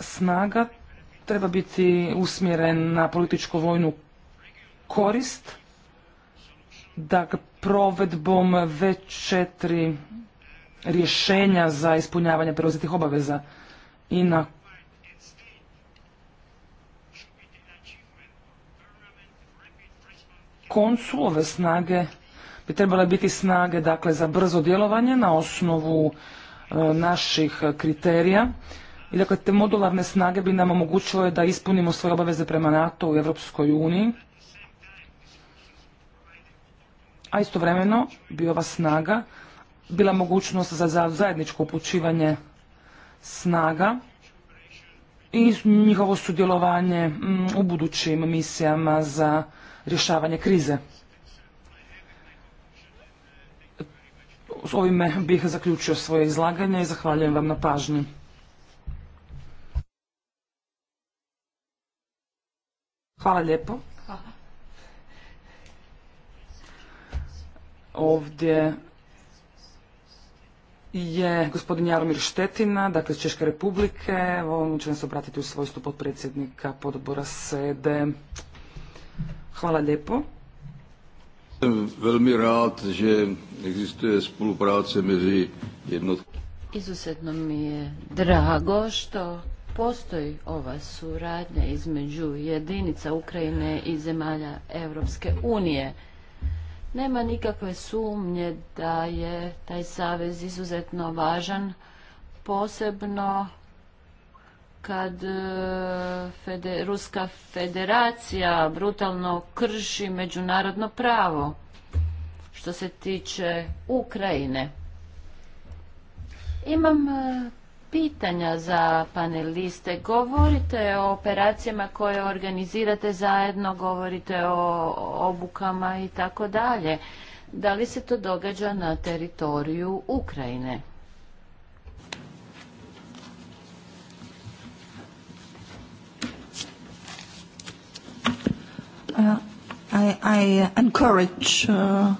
snaga treba biti usmjeren na političku vojnu korist, dakle provedbom V4 rješenja za ispunjavanje preuzetih obaveza i na koncu ove snage bi trebale biti snage dakle, za brzo djelovanje na osnovu e, naših kriterija. I dakle, te modularne snage bi nam omogućile da ispunimo svoje obaveze prema NATO u Europskoj uniji. A istovremeno bi ova snaga bila mogućnost za zajedničko upućivanje snaga i njihovo sudjelovanje mm, u budućim misijama za rješavanje krize. S ovime bih zaključio svoje izlaganje i zahvaljujem vam na pažnji. Hvala lijepo. Ovdje je gospodin Jaromir Štetina, dakle Češke republike. On će nas obratiti u svojstvu podpredsjednika podbora SEDE. Hvala lijepo. Velmi rád, že existuje spolupráce Izuzetno mi je drago što postoji ova suradnja između jedinica Ukrajine i zemalja Europske unije. Nema nikakve sumnje da je taj savez izuzetno važan, posebno kad e, Ruska federacija brutalno krši međunarodno pravo što se tiče Ukrajine. Imam e, pitanja za paneliste. Govorite o operacijama koje organizirate zajedno, govorite o obukama i tako dalje. Da li se to događa na teritoriju Ukrajine? Uh, I, encourage uh,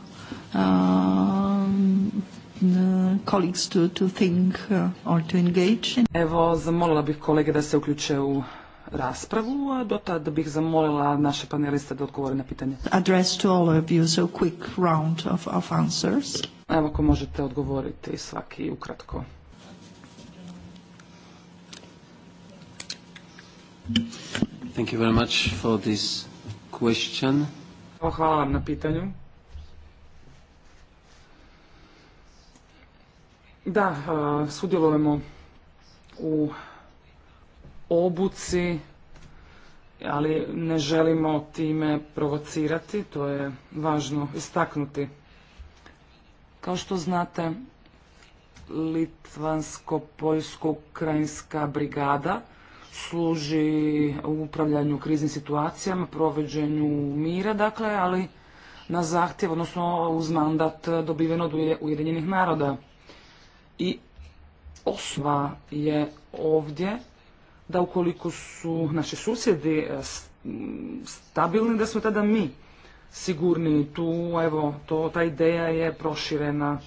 um, colleagues to, to think uh, or to engage. Evo, zamolila bih kolege da se uključe u raspravu, a do tada bih zamolila naše paneliste da odgovore na pitanje. Address to all of you, so quick round of, of answers. Evo, ako možete odgovoriti svaki ukratko. Thank you very much for this question. Hvala vam na pitanju. Da, e, sudjelujemo u obuci, ali ne želimo time provocirati, to je važno istaknuti. Kao što znate, Litvansko-Poljsko-Ukrajinska brigada služi u upravljanju kriznim situacijama, provođenju mira, dakle, ali na zahtjev, odnosno uz mandat dobiven od Ujedinjenih naroda. I osva je ovdje da ukoliko su naši susjedi e, stabilni, da smo tada mi sigurni tu, evo, to, ta ideja je proširena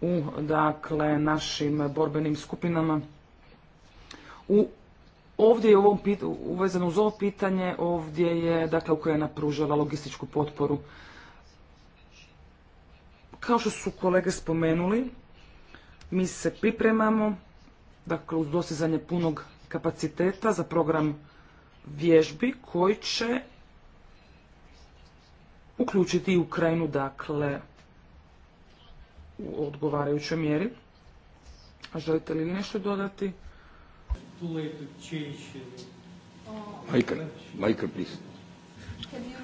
u, dakle, našim borbenim skupinama u Ovdje je u ovom pitanju, uvezano uz ovo pitanje, ovdje je dakle Ukrajina napružila logističku potporu. Kao što su kolege spomenuli, mi se pripremamo, dakle uz dostizanje punog kapaciteta za program vježbi koji će uključiti Ukrajinu, dakle, u odgovarajućoj mjeri. A želite li nešto dodati? too to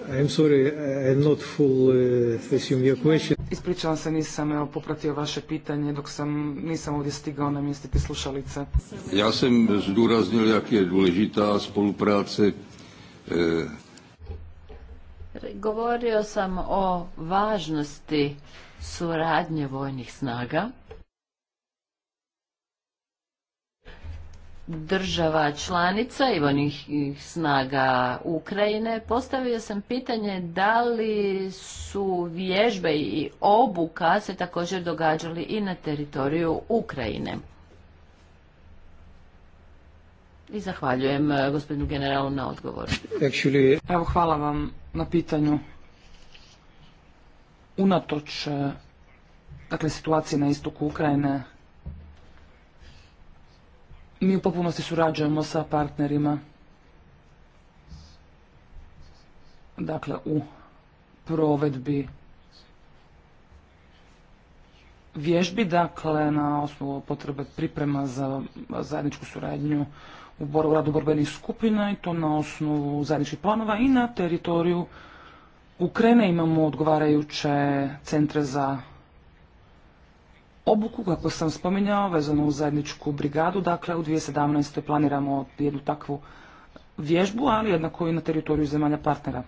I'm sorry, I'm not full uh, your question. Ispričavam se, nisam evo, popratio vaše pitanje dok sam, nisam ovdje stigao namjestiti slušalice. Ja sam zduraznil, jak je důležitá spolupráce e, Govorio sam o važnosti suradnje vojnih snaga država članica i onih snaga Ukrajine, postavio sam pitanje da li su vježbe i obuka se također događali i na teritoriju Ukrajine. I zahvaljujem e, gospodinu generalu na odgovoru. Evo hvala vam na pitanju. Unatoč e, dakle, situacije na istoku Ukrajine, mi u potpunosti surađujemo sa partnerima dakle u provedbi vježbi, dakle na osnovu potrebe priprema za zajedničku suradnju u radu borbenih skupina i to na osnovu zajedničkih planova i na teritoriju Ukrajine imamo odgovarajuće centre za obuku, kako sam spominjao, vezano u zajedničku brigadu. Dakle, u 2017. planiramo jednu takvu vježbu, ali jednako i na teritoriju zemalja partnera.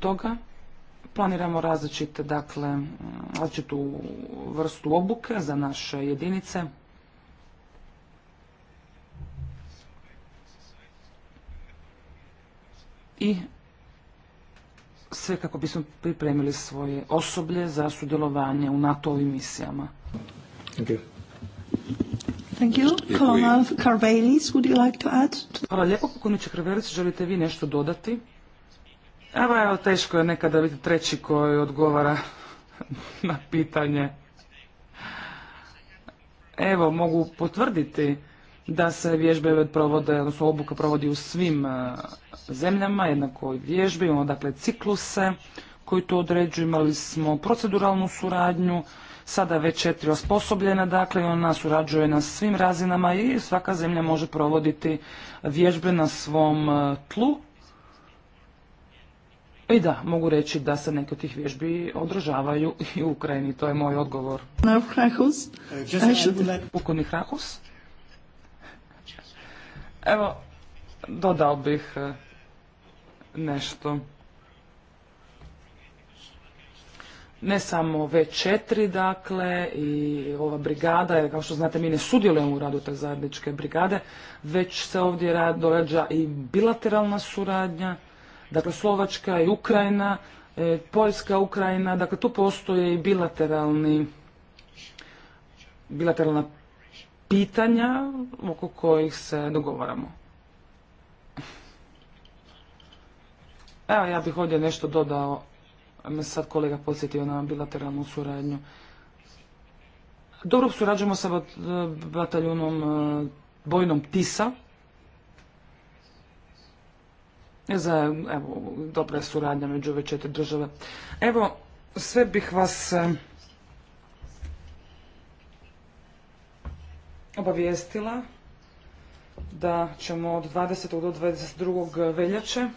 toga, planiramo različite, dakle, mm, različitu vrstu obuke za naše jedinice. i sve kako bismo pripremili svoje osoblje za sudjelovanje u NATO-ovim misijama. Thank you. Hvala lijepo, želite vi nešto dodati? Evo, evo, teško je nekada biti treći koji odgovara [LAUGHS] na pitanje. Evo, mogu potvrditi da se vježbe provode, odnosno obuka provodi u svim e, zemljama, jednako i vježbe, imamo dakle cikluse koji to određuju, imali smo proceduralnu suradnju, sada već četiri osposobljena, dakle ona surađuje na svim razinama i svaka zemlja može provoditi vježbe na svom e, tlu. I da, mogu reći da se neke od tih vježbi održavaju i u Ukrajini, to je moj odgovor. Uh, Pukovnik Rahus. Evo, dodao bih e, nešto. Ne samo V4, dakle, i ova brigada, jer kao što znate mi ne sudjelujemo u radu te zajedničke brigade, već se ovdje događa i bilateralna suradnja, dakle Slovačka i Ukrajina, e, Poljska, Ukrajina, dakle tu postoje i bilateralni bilateralna pitanja oko kojih se dogovaramo. Evo, ja bih ovdje nešto dodao, me sad kolega podsjetio na bilateralnu suradnju. Dobro surađujemo sa bataljunom e, bojnom TISA. Za, evo, dobra je suradnja među ove četiri države. Evo, sve bih vas obavijestila da ćemo od 20. do 22. veljače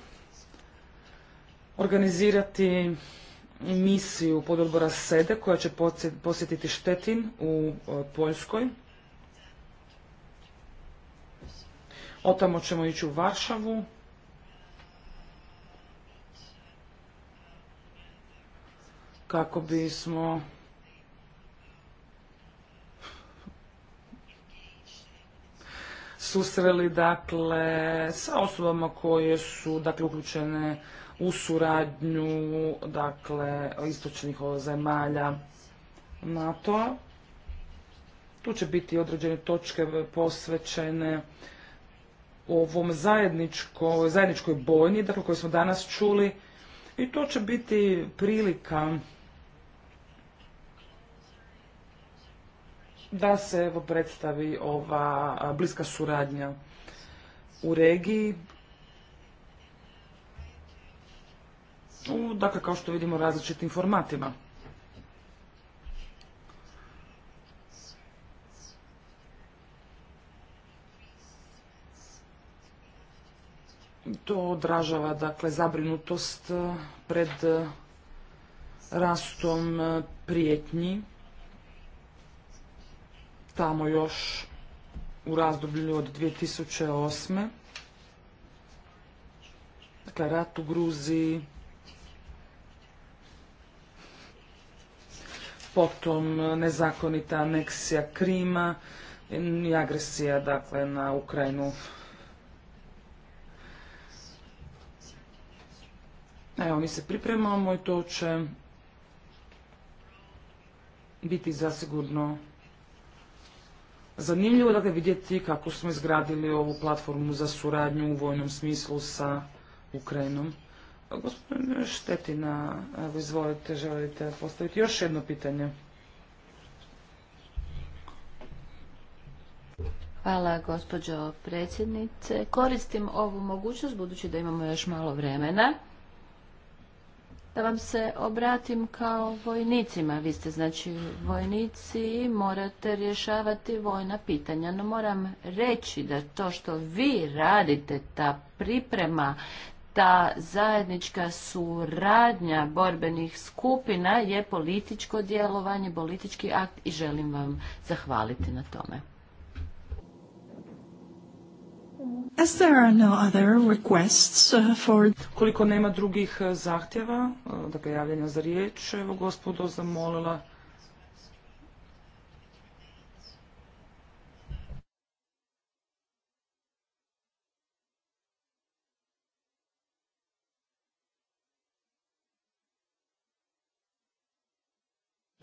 organizirati misiju odbora SEDE koja će posjetiti Štetin u e, Poljskoj. Otamo ćemo ići u Varšavu. Kako bismo susreli dakle sa osobama koje su dakle uključene u suradnju dakle istočnih zemalja NATO-a. Tu će biti određene točke posvećene ovom zajedničkoj bojni, dakle koju smo danas čuli. I to će biti prilika da se evo predstavi ova bliska suradnja u regiji. U, dakle, kao što vidimo, različitim formatima. To odražava, dakle, zabrinutost pred rastom prijetnji tamo još u razdoblju od 2008. Dakle, rat u Gruziji, potom nezakonita aneksija Krima i agresija dakle, na Ukrajinu. Evo, mi se pripremamo i to će biti zasigurno zanimljivo dakle, vidjeti kako smo izgradili ovu platformu za suradnju u vojnom smislu sa Ukrajinom. Gospodin Štetina, izvolite, želite postaviti još jedno pitanje. Hvala gospođo predsjednice. Koristim ovu mogućnost budući da imamo još malo vremena da vam se obratim kao vojnicima. Vi ste znači vojnici i morate rješavati vojna pitanja. No moram reći da to što vi radite, ta priprema, ta zajednička suradnja borbenih skupina je političko djelovanje, politički akt i želim vam zahvaliti na tome. As uh, Koliko nema drugih uh, zahtjeva, uh, dakle javljanja za riječ, evo gospodo zamolila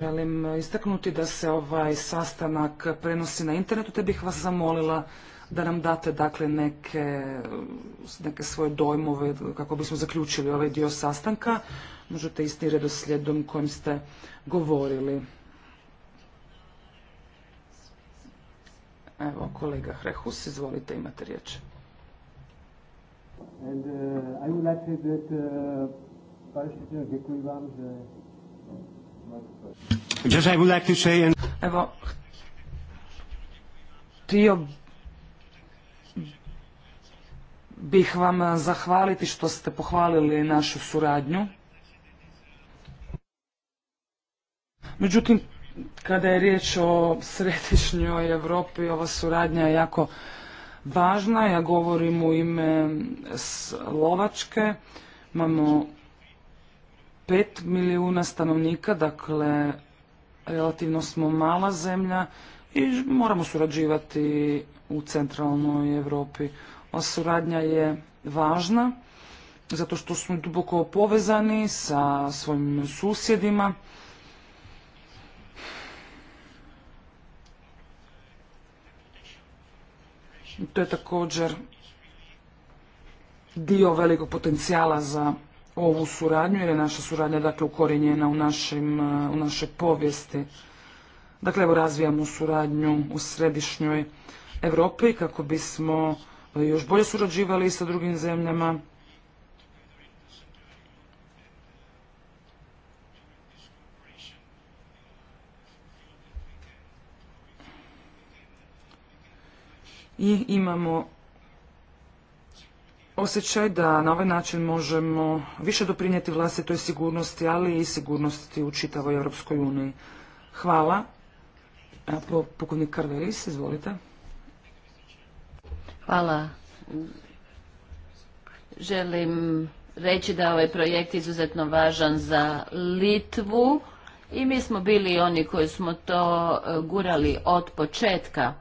Želim istaknuti da se ovaj sastanak prenosi na internetu, te bih vas zamolila da nam date dakle neke, neke svoje dojmove kako bismo zaključili ovaj dio sastanka. Možete isti redoslijedom kojim ste govorili. Evo, kolega Hrehus, izvolite, imate riječ. And uh, I would like to that uh, Just I would like to say... And... Evo, htio bih vam eh, zahvaliti što ste pohvalili našu suradnju. Međutim, kada je riječ o središnjoj Europi, ova suradnja je jako važna. Ja govorim u ime Slovačke. Imamo pet milijuna stanovnika, dakle relativno smo mala zemlja i moramo surađivati u centralnoj Europi. Suradnja je važna zato što smo duboko povezani sa svojim susjedima. to je također dio velikog potencijala za ovu suradnju, jer je naša suradnja dakle ukorinjena u, našim, u našoj povijesti. Dakle, evo razvijamo suradnju u središnjoj Europi kako bismo Dakle, još bolje surađivali sa drugim zemljama. I imamo osjećaj da na ovaj način možemo više doprinijeti vlastitoj sigurnosti, ali i sigurnosti u čitavoj Europskoj uniji. Hvala. Pukovnik Karveris, izvolite. Hvala. Želim reći da je ovaj projekt izuzetno važan za Litvu i mi smo bili oni koji smo to e, gurali od početka.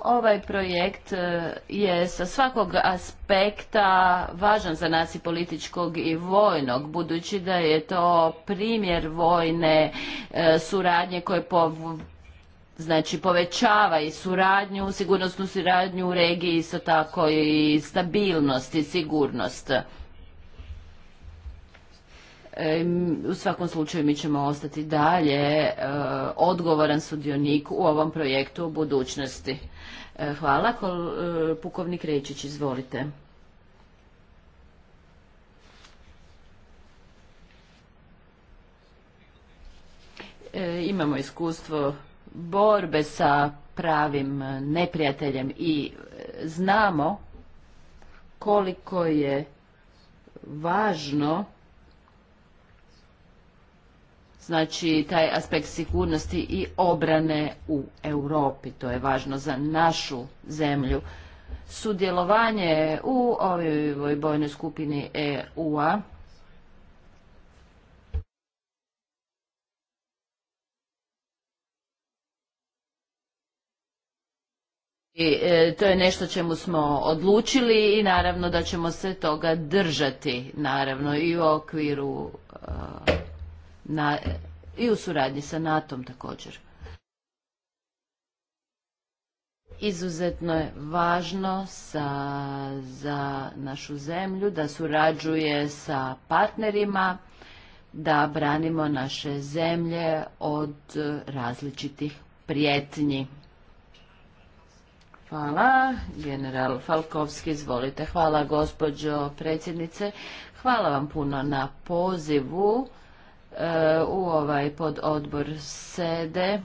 Ovaj projekt e, je sa svakog aspekta važan za nas i političkog i vojnog, budući da je to primjer vojne e, suradnje koje po znači povećava i suradnju, sigurnosnu suradnju u regiji, isto tako i stabilnost i sigurnost. u svakom slučaju mi ćemo ostati dalje e, odgovoran sudionik u ovom projektu u budućnosti. E, hvala. E, pukovnik Rečić, izvolite. Imamo iskustvo borbe sa pravim neprijateljem i e, znamo koliko je važno znači taj aspekt sigurnosti i obrane u Europi. To je važno za našu zemlju. Sudjelovanje u ovoj bojnoj skupini EU-a E, to je nešto čemu smo odlučili i naravno da ćemo se toga držati, naravno i u okviru e, i u suradnji sa NATO-om također. Izuzetno je važno za našu zemlju da surađuje sa partnerima, da branimo naše zemlje od e, različitih prijetnji. Hvala. General Falkovski, izvolite. Hvala gospođo predsjednice. Hvala vam puno na pozivu e, u ovaj pododbor sede.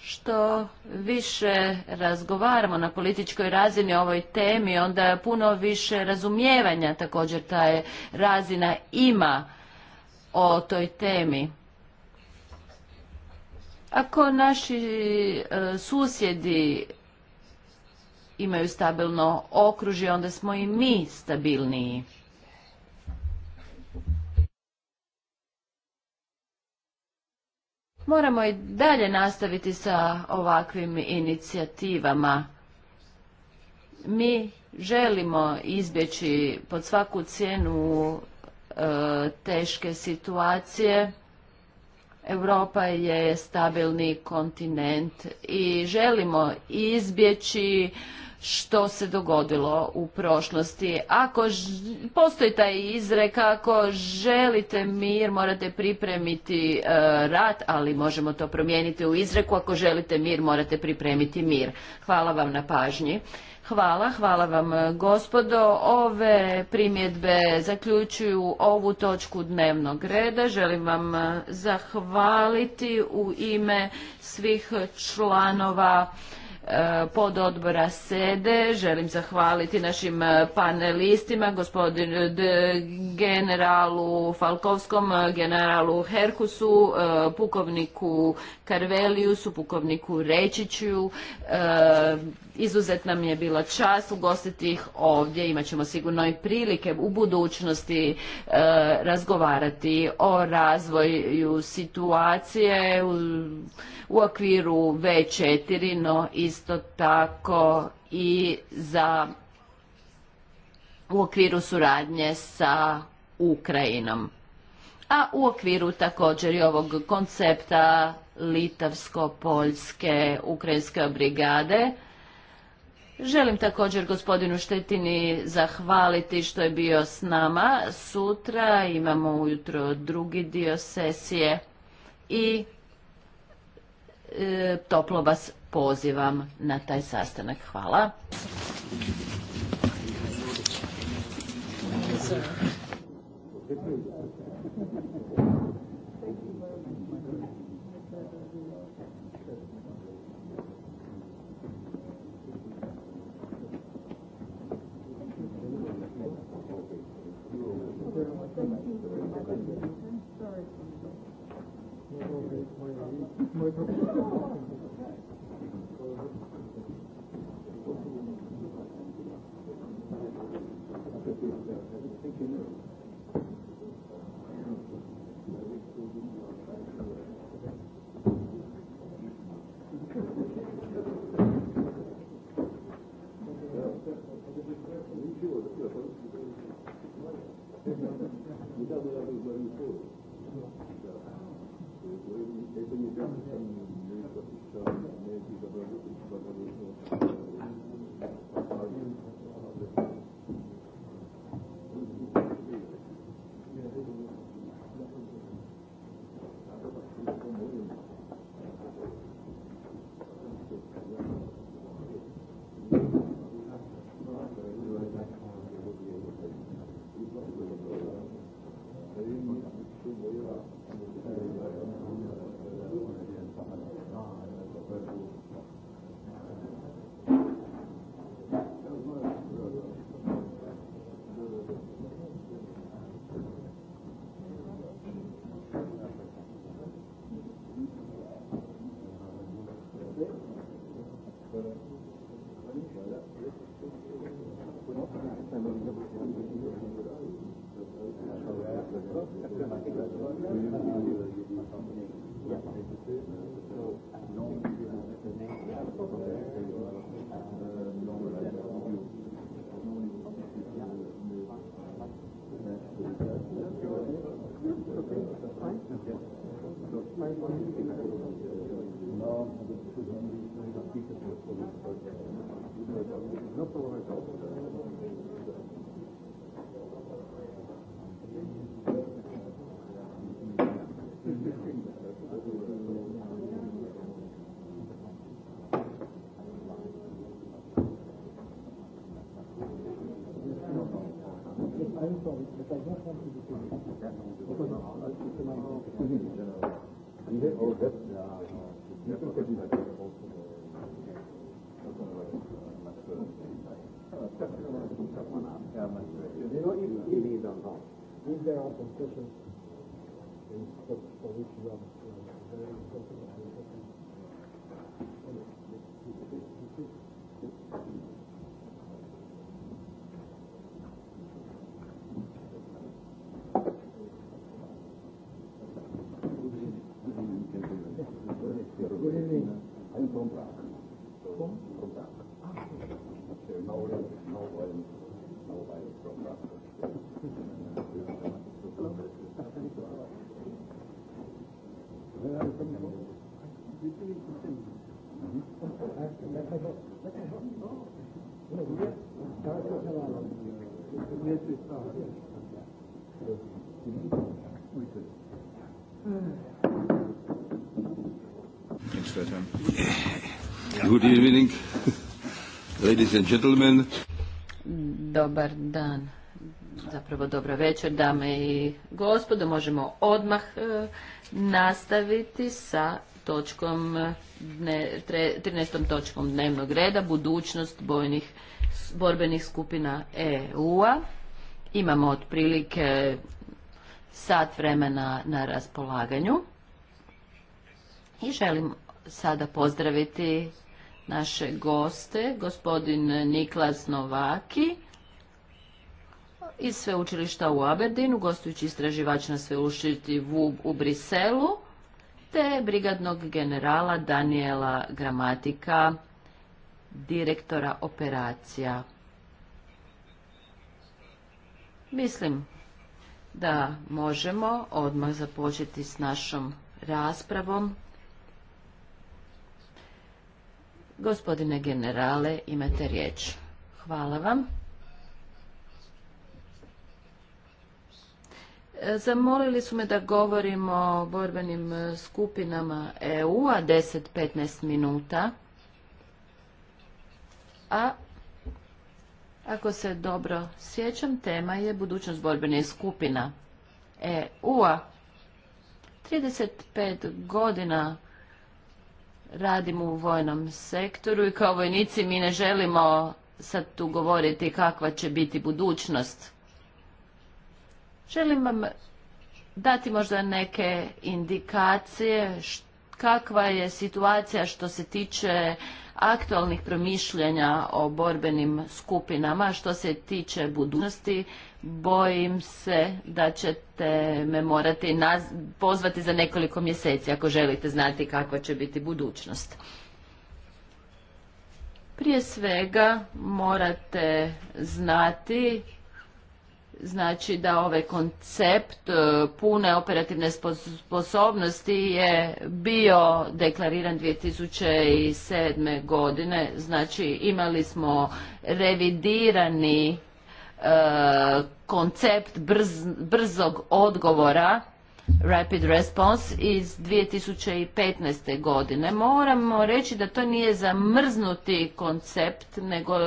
Što više razgovaramo na političkoj razini o ovoj temi, onda puno više razumijevanja također ta je razina ima o toj temi. Ako naši e, susjedi imaju stabilno okružje, onda smo i mi stabilniji. Moramo i dalje nastaviti sa ovakvim inicijativama. Mi želimo izbjeći pod svaku cijenu e, teške situacije Europa je stabilni kontinent i želimo izbjeći što se dogodilo u prošlosti. Ako postoji taj izrek, ako želite mir, morate pripremiti e, rat, ali možemo to promijeniti u izreku, ako želite mir, morate pripremiti mir. Hvala vam na pažnji. Hvala, hvala vam e, gospodo. Ove primjedbe zaključuju ovu točku dnevnog reda. Želim vam e, zahvaliti u ime svih članova E, pododbora odbora sede. Želim zahvaliti našim e, panelistima, gospodinu generalu Falkovskom, e, generalu Herkusu, pukovniku Karveliusu, pukovniku Rečiću. Izuzet nam je bila čast ugostiti ih ovdje. Imaćemo sigurno i prilike u budućnosti razgovarati o razvoju situacije u okviru V4, no i isto tako i za u okviru suradnje sa Ukrajinom. A u okviru također i ovog koncepta litavsko-poljske ukrajinske brigade Želim također gospodinu Štetini zahvaliti što je bio s nama. Sutra imamo ujutro drugi dio sesije i e, toplo vas pozivam na taj sastanak. Hvala. Thank Hvala someone You Good evening, ladies and gentlemen. Dobar dan, zapravo dobro večer, dame i gospodo. Možemo odmah e, nastaviti sa točkom, 13. točkom dnevnog reda, budućnost bojnih, borbenih skupina EU-a. Imamo otprilike sat vremena na raspolaganju i želim sada pozdraviti naše goste, gospodin Niklas Novaki iz sveučilišta u Aberdinu, gostujući istraživač na sveučilišti VUB u Briselu, te brigadnog generala Daniela Gramatika, direktora operacija. Mislim da možemo odmah započeti s našom raspravom. Gospodine generale, imate riječ. Hvala vam. E, zamolili su me da govorimo o borbenim skupinama EU-a 10-15 minuta. A ako se dobro sjećam, tema je budućnost borbenih skupina EU-a. 35 godina radimo u vojnom sektoru i kao vojnici mi ne želimo sad tu govoriti kakva će biti budućnost. Želim vam dati možda neke indikacije kakva je situacija što se tiče aktualnih promišljanja o borbenim skupinama, što se tiče budućnosti bojim se da ćete me morati pozvati za nekoliko mjeseci ako želite znati kakva će biti budućnost. Prije svega morate znati znači da ovaj koncept e, pune operativne sposobnosti je bio deklariran 2007. godine. Znači imali smo revidirani E, koncept brzog odgovora Rapid Response iz 2015. godine. Moramo reći da to nije zamrznuti koncept, nego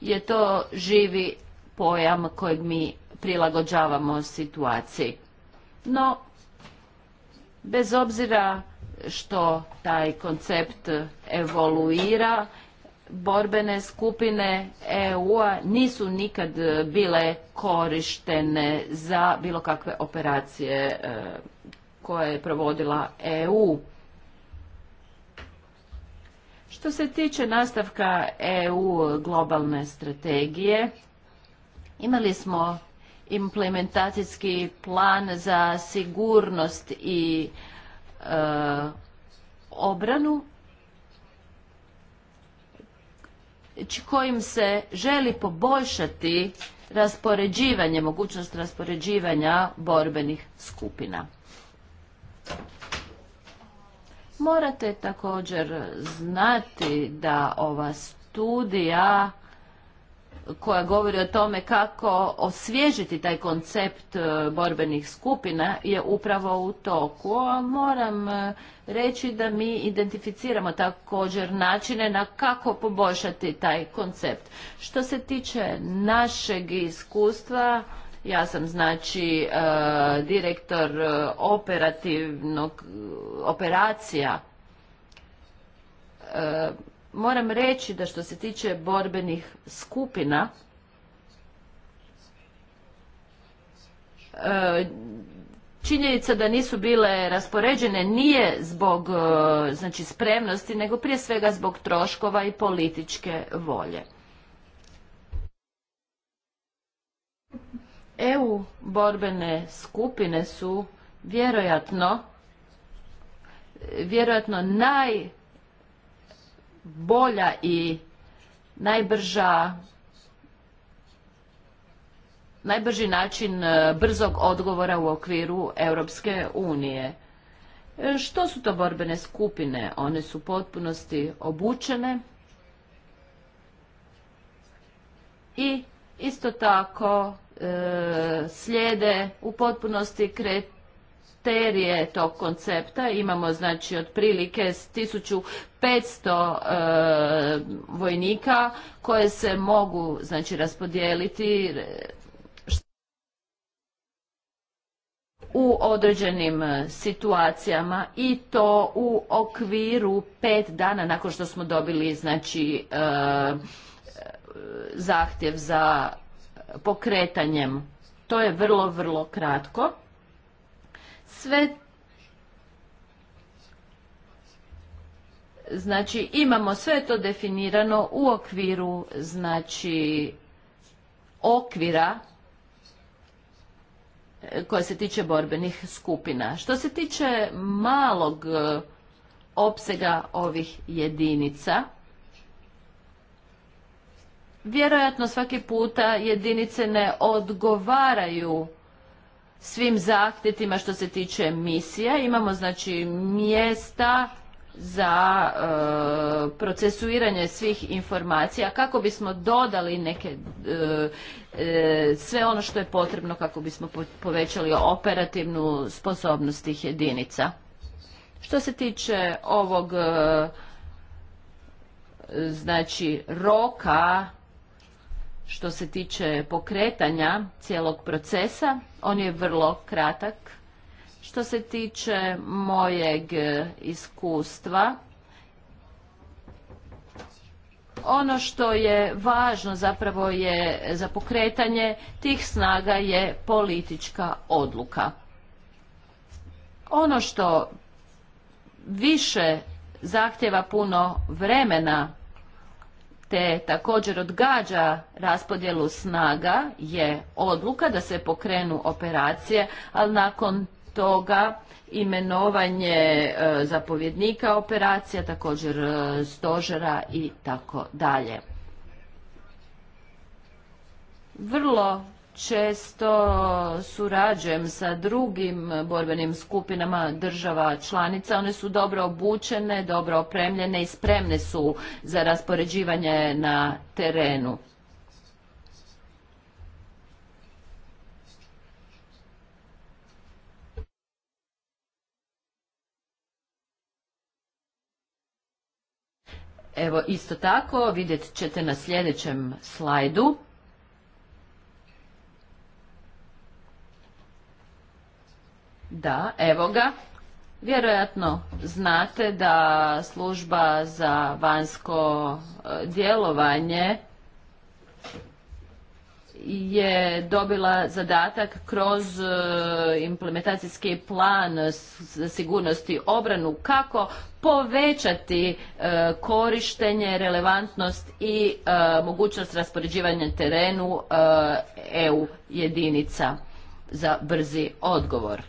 je to živi pojam kojeg mi prilagođavamo situaciji. No, bez obzira što taj koncept evoluira, borbene skupine EU-a nisu nikad e, bile korištene za bilo kakve operacije e, koje je provodila EU. Što se tiče nastavka EU globalne strategije, imali smo implementacijski plan za sigurnost i e, obranu kojim se želi poboljšati raspoređivanje, mogućnost raspoređivanja borbenih skupina. Morate također znati da ova studija koja govori o tome kako osvježiti taj koncept e, borbenih skupina je upravo u toku. A moram e, reći da mi identificiramo također načine na kako poboljšati taj koncept. Što se tiče našeg iskustva, ja sam znači e, direktor operativnog operacija moram reći da što se tiče borbenih skupina, e, činjenica da nisu bile raspoređene nije zbog e, znači, spremnosti, nego prije svega zbog troškova i političke volje. EU borbene skupine su vjerojatno vjerojatno naj bolja i najbrža najbrži način e, brzog odgovora u okviru Europske unije. E, što su to borbene skupine? One su potpunosti obučene i isto tako e, slijede u potpunosti kre terije tog koncepta. Imamo znači otprilike 1500 e, vojnika koje se mogu znači raspodijeliti e, u određenim e, situacijama i to u okviru pet dana nakon što smo dobili znači zahtjev za pokretanjem. To je vrlo, vrlo kratko sve znači imamo sve to definirano u okviru znači okvira e, koje se tiče borbenih skupina. Što se tiče malog e, opsega ovih jedinica, vjerojatno svaki puta jedinice ne odgovaraju svim zahtjetima što se tiče misija. Imamo znači mjesta za e, procesuiranje svih informacija kako bismo dodali neke e, e, sve ono što je potrebno kako bismo povećali operativnu sposobnost tih jedinica. Što se tiče ovog znači roka što se tiče pokretanja cijelog procesa. On je vrlo kratak. Što se tiče mojeg iskustva, ono što je važno zapravo je za pokretanje tih snaga je politička odluka. Ono što više zahtjeva puno vremena te također odgađa raspodjelu snaga je odluka da se pokrenu operacije, ali nakon toga imenovanje e, zapovjednika operacija, također e, stožera i tako dalje. Vrlo često surađujem sa drugim borbenim skupinama država članica. One su dobro obučene, dobro opremljene i spremne su za raspoređivanje na terenu. Evo isto tako vidjet ćete na sljedećem slajdu. Da, evo ga. Vjerojatno znate da služba za vanjsko e, djelovanje je dobila zadatak kroz e, implementacijski plan za i obranu kako povećati e, korištenje, relevantnost i mogućnost raspoređivanja terenu EU jedinica za brzi odgovor.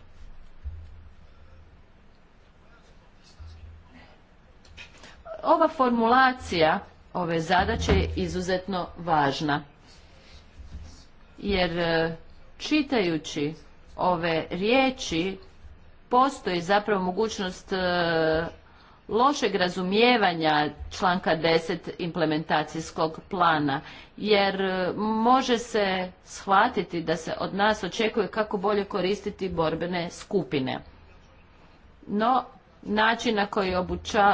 ova formulacija ove zadaće je izuzetno važna. Jer e, čitajući ove riječi postoji zapravo mogućnost e, lošeg razumijevanja članka 10 implementacijskog plana, jer e, može se shvatiti da se od nas očekuje kako bolje koristiti borbene skupine. No, način na koji obuča,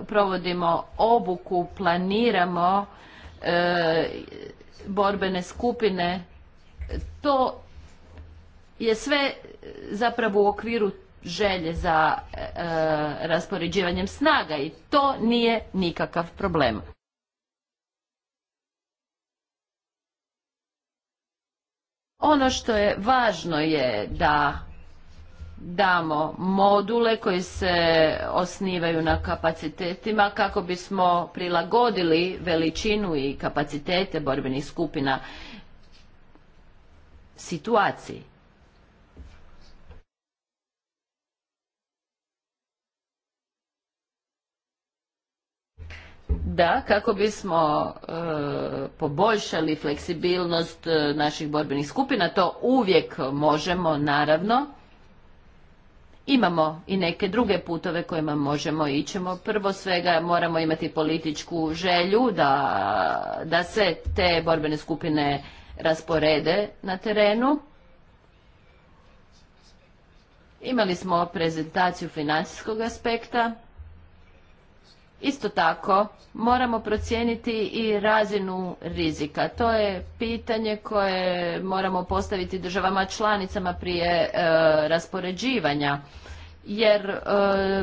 e, provodimo obuku, planiramo e, borbene skupine, to je sve zapravo u okviru želje za e, raspoređivanjem snaga i to nije nikakav problem. Ono što je važno je da damo module koji se osnivaju na kapacitetima kako bismo prilagodili veličinu i kapacitete borbenih skupina situaciji. Da, kako bismo e, poboljšali fleksibilnost e, naših borbenih skupina, to uvijek možemo naravno Imamo i neke druge putove kojima možemo ićemo. Prvo svega moramo imati političku želju da, da se te borbene skupine rasporede na terenu. Imali smo prezentaciju financijskog aspekta. Isto tako, moramo procijeniti i razinu rizika. To je pitanje koje moramo postaviti državama članicama prije e, raspoređivanja, jer e,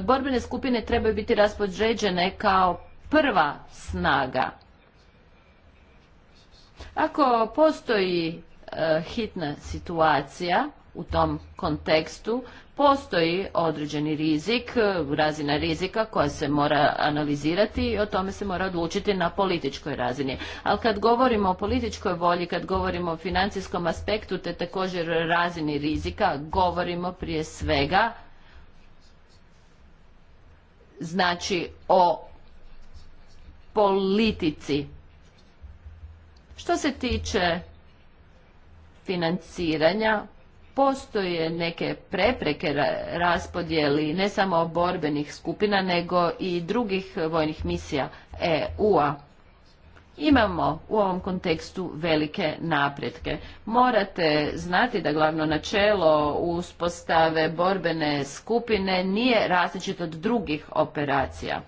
borbene skupine trebaju biti raspoređene kao prva snaga. Ako postoji e, hitna situacija u tom kontekstu, Postoji određeni rizik, razina rizika koja se mora analizirati i o tome se mora odlučiti na političkoj razini. Ali kad govorimo o političkoj volji, kad govorimo o financijskom aspektu te također razini rizika, govorimo prije svega znači o politici. Što se tiče financiranja, postoje neke prepreke raspodjeli ne samo borbenih skupina nego i drugih vojnih misija EU-a. Imamo u ovom kontekstu velike napretke. Morate znati da glavno načelo uspostave borbene skupine nije različito od drugih operacija.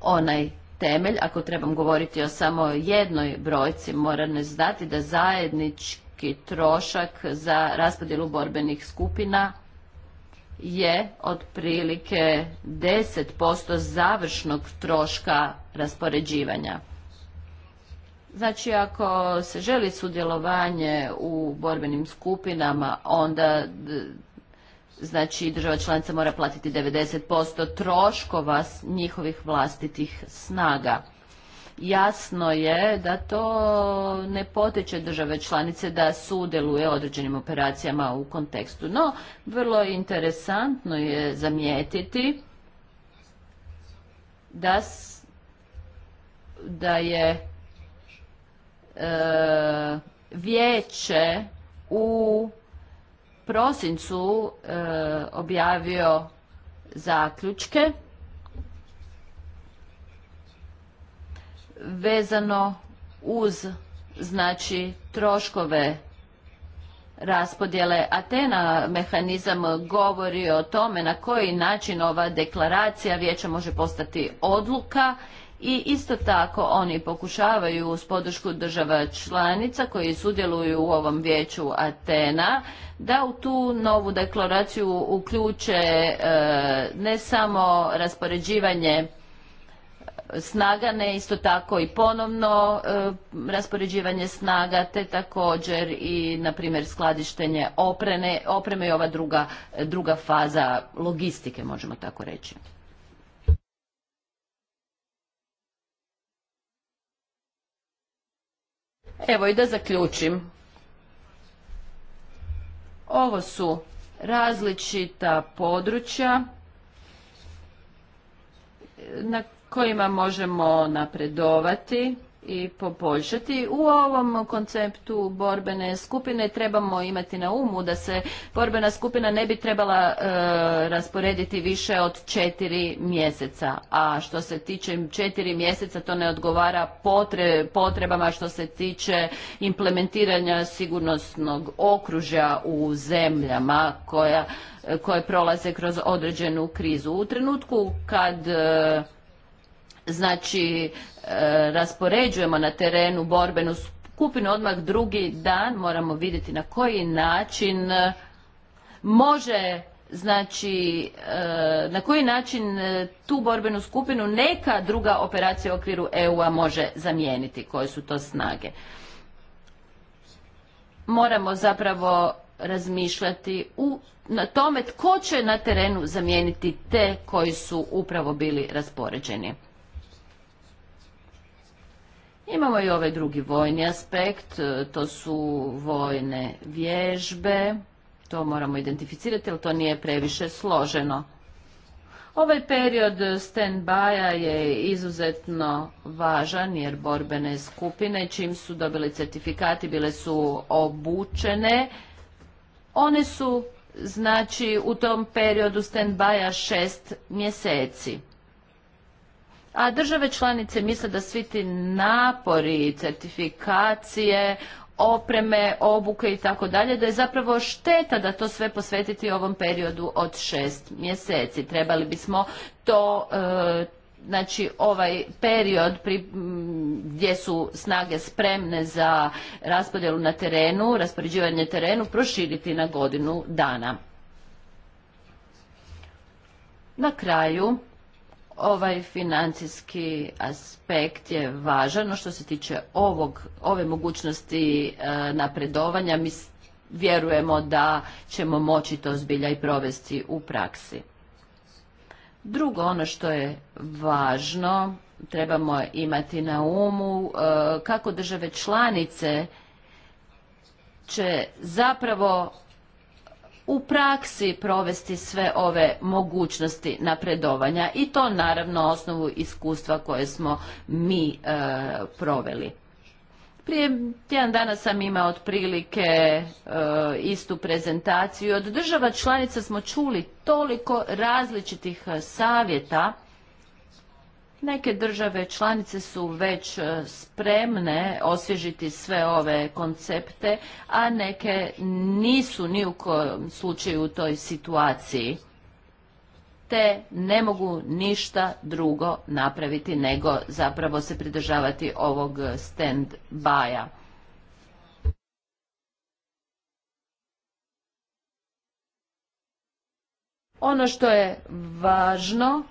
Onaj temelj, ako trebam govoriti o samo jednoj brojci, mora ne znati da zajednički i trošak za raspodjelu borbenih skupina je otprilike 10% završnog troška raspoređivanja. Znači, ako se želi sudjelovanje u borbenim skupinama, onda znači država članica mora platiti 90% troškova njihovih vlastitih snaga jasno je da to ne potiče države članice da sudjeluje određenim operacijama u kontekstu. No, vrlo interesantno je zamijetiti da, da je e, vijeće u prosincu e, objavio zaključke vezano uz znači troškove raspodjele Atena mehanizam govori o tome na koji način ova deklaracija vijeća može postati odluka i isto tako oni pokušavaju uz podršku država članica koji sudjeluju u ovom vijeću Atena da u tu novu deklaraciju uključe e, ne samo raspoređivanje snaga, ne isto tako i ponovno e, raspoređivanje snaga, te također i, na primjer, skladištenje oprene, opreme i ova druga, druga faza logistike, možemo tako reći. Evo i da zaključim. Ovo su različita područja na kojima možemo napredovati i poboljšati. U ovom konceptu borbene skupine trebamo imati na umu da se borbena skupina ne bi trebala e, rasporediti više od četiri mjeseca, a što se tiče četiri mjeseca to ne odgovara potrebama što se tiče implementiranja sigurnosnog okružja u zemljama koja, koje prolaze kroz određenu krizu. U trenutku kad e, znači e, raspoređujemo na terenu borbenu skupinu odmah drugi dan moramo vidjeti na koji način e, može znači e, na koji način tu borbenu skupinu neka druga operacija u okviru EU-a može zamijeniti, koje su to snage. Moramo zapravo razmišljati u, na tome tko će na terenu zamijeniti te koji su upravo bili raspoređeni. Imamo i ovaj drugi vojni aspekt, e, to su vojne vježbe, to moramo identificirati, ali to nije previše složeno. Ovaj period stand-by-a je izuzetno važan jer borbene skupine čim su dobili certifikati bile su obučene. One su znači u tom periodu stand-by-a šest mjeseci a države članice misle da svi ti napori, certifikacije, opreme, obuke i tako dalje, da je zapravo šteta da to sve posvetiti ovom periodu od šest mjeseci. Trebali bismo to e, znači ovaj period gdje su snage spremne za raspodjelu na terenu, raspoređivanje terenu proširiti na godinu dana. Na kraju Ovaj financijski aspekt je važan, što se tiče ovog, ove mogućnosti e, napredovanja, mi vjerujemo da ćemo moći to zbilja i provesti u praksi. Drugo, ono što je važno, trebamo imati na umu e, kako države članice će zapravo u praksi provesti sve ove mogućnosti napredovanja i to naravno osnovu iskustva koje smo mi e, proveli. Prije tjedan dana sam imao otprilike e, istu prezentaciju. Od država članica smo čuli toliko različitih e, savjeta Neke države članice su već e, spremne osvježiti sve ove koncepte, a neke nisu ni u kojem slučaju u toj situaciji te ne mogu ništa drugo napraviti nego zapravo se pridržavati ovog stand by Ono što je važno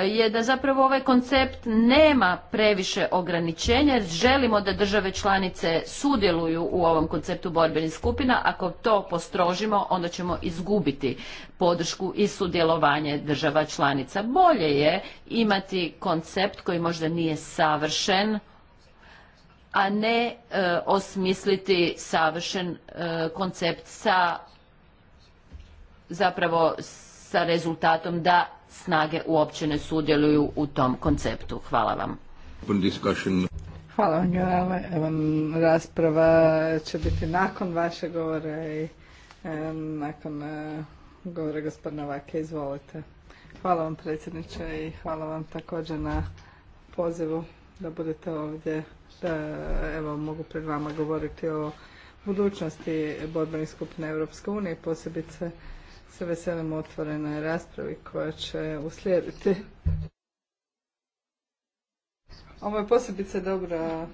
je da zapravo ovaj koncept nema previše ograničenja jer želimo da države članice sudjeluju u ovom konceptu borbenih skupina. Ako to postrožimo onda ćemo izgubiti podršku i sudjelovanje država članica. Bolje je imati koncept koji možda nije savršen a ne e, osmisliti savršen e, koncept sa zapravo sa rezultatom da snage uopće ne sudjeluju u tom konceptu. Hvala vam. Hvala vam, Rasprava će biti nakon vaše govore i nakon e, govore gospodina Vake. Izvolite. Hvala vam predsjedniče i hvala vam također na pozivu da budete ovdje. Da, evo, mogu pred vama govoriti o budućnosti borbenih skupina Europske unije, posebice se veselim otvorenoj raspravi koja će uslijediti. Ovo je posebice dobro e,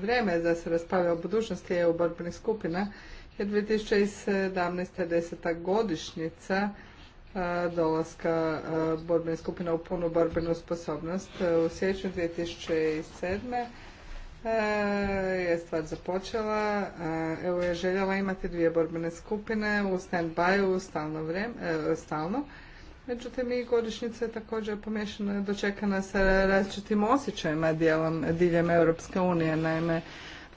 vrijeme da se raspravlja o budućnosti EU borbenih skupina jer 2017. deseta godišnjica e, dolaska e, borbenih skupina u punu borbenu sposobnost. U siječnju 2007. E, je stvar započela. E, evo je željela imati dvije borbene skupine u stand-by-u stalno, e, Međutim, i godišnjica je također pomješana, dočekana sa različitim osjećajima diljem Europske unije. Naime,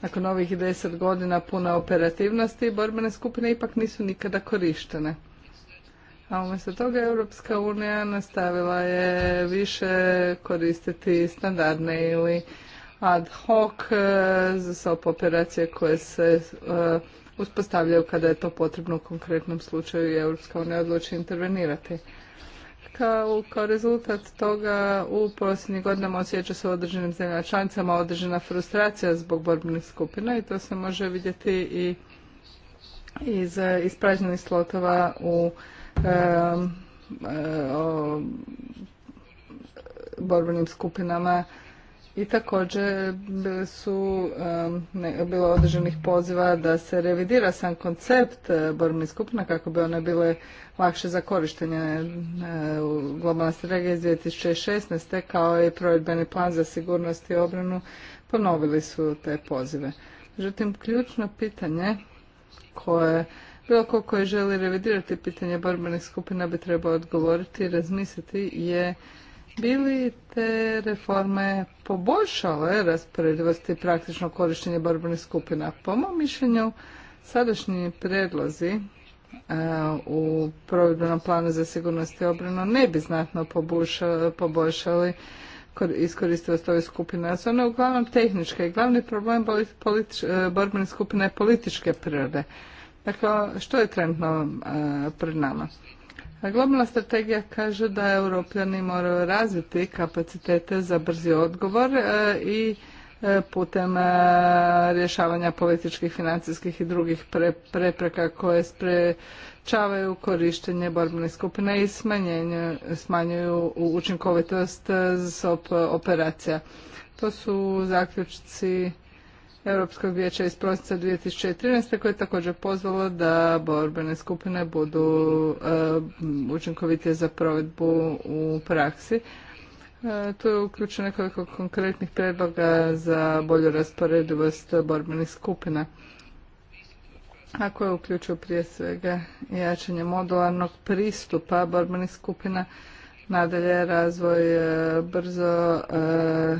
nakon ovih deset godina puna operativnosti, borbene skupine ipak nisu nikada korištene. A umjesto toga Europska unija nastavila je više koristiti standardne ili ad hoc e, za SOP operacije koje se e, uspostavljaju kada je to potrebno u konkretnom slučaju i Europska unija odluči intervenirati. Kao, rezultat toga u posljednjih godinama osjeća se u određenim zemljama članicama određena frustracija zbog borbenih skupina i to se može vidjeti i iz ispražnjenih slotova u e, borbenim skupinama i također su bilo određenih poziva da se revidira sam koncept e, borbenih skupina kako bi one bile lakše za korištenje. E, Globalna strategija iz 2016. kao i provedbeni plan za sigurnost i obranu ponovili su te pozive. Međutim, ključno pitanje koje bilo ko koji želi revidirati pitanje borbenih skupina bi trebao odgovoriti i razmisliti je li te reforme poboljšale rasporedivosti i praktično korištenje borbenih skupina? Po mom mišljenju, sadašnji predlozi e, u provedbenom planu za sigurnost i obranu ne bi znatno poboljšali iskoristivost ove skupine. su one uglavnom tehničke i glavni problem e, borbenih skupina je političke prirode. Dakle, što je trenutno e, pred nama? Globalna strategija kaže da europljani moraju razviti kapacitete za brzi odgovor e, i e, putem e, rješavanja političkih, financijskih i drugih prepreka koje sprečavaju korištenje borbene skupine i smanjuju učinkovitost operacija. To su zaključci Europskog vijeća iz prosinca 2013. koje je također pozvalo da borbene skupine budu e, učinkovitije za provedbu u praksi. to e, tu je uključeno nekoliko konkretnih predloga za bolju rasporedivost borbenih skupina a koje uključuju prije svega jačanje modularnog pristupa borbenih skupina Nadalje, razvoj e, brzo e, e,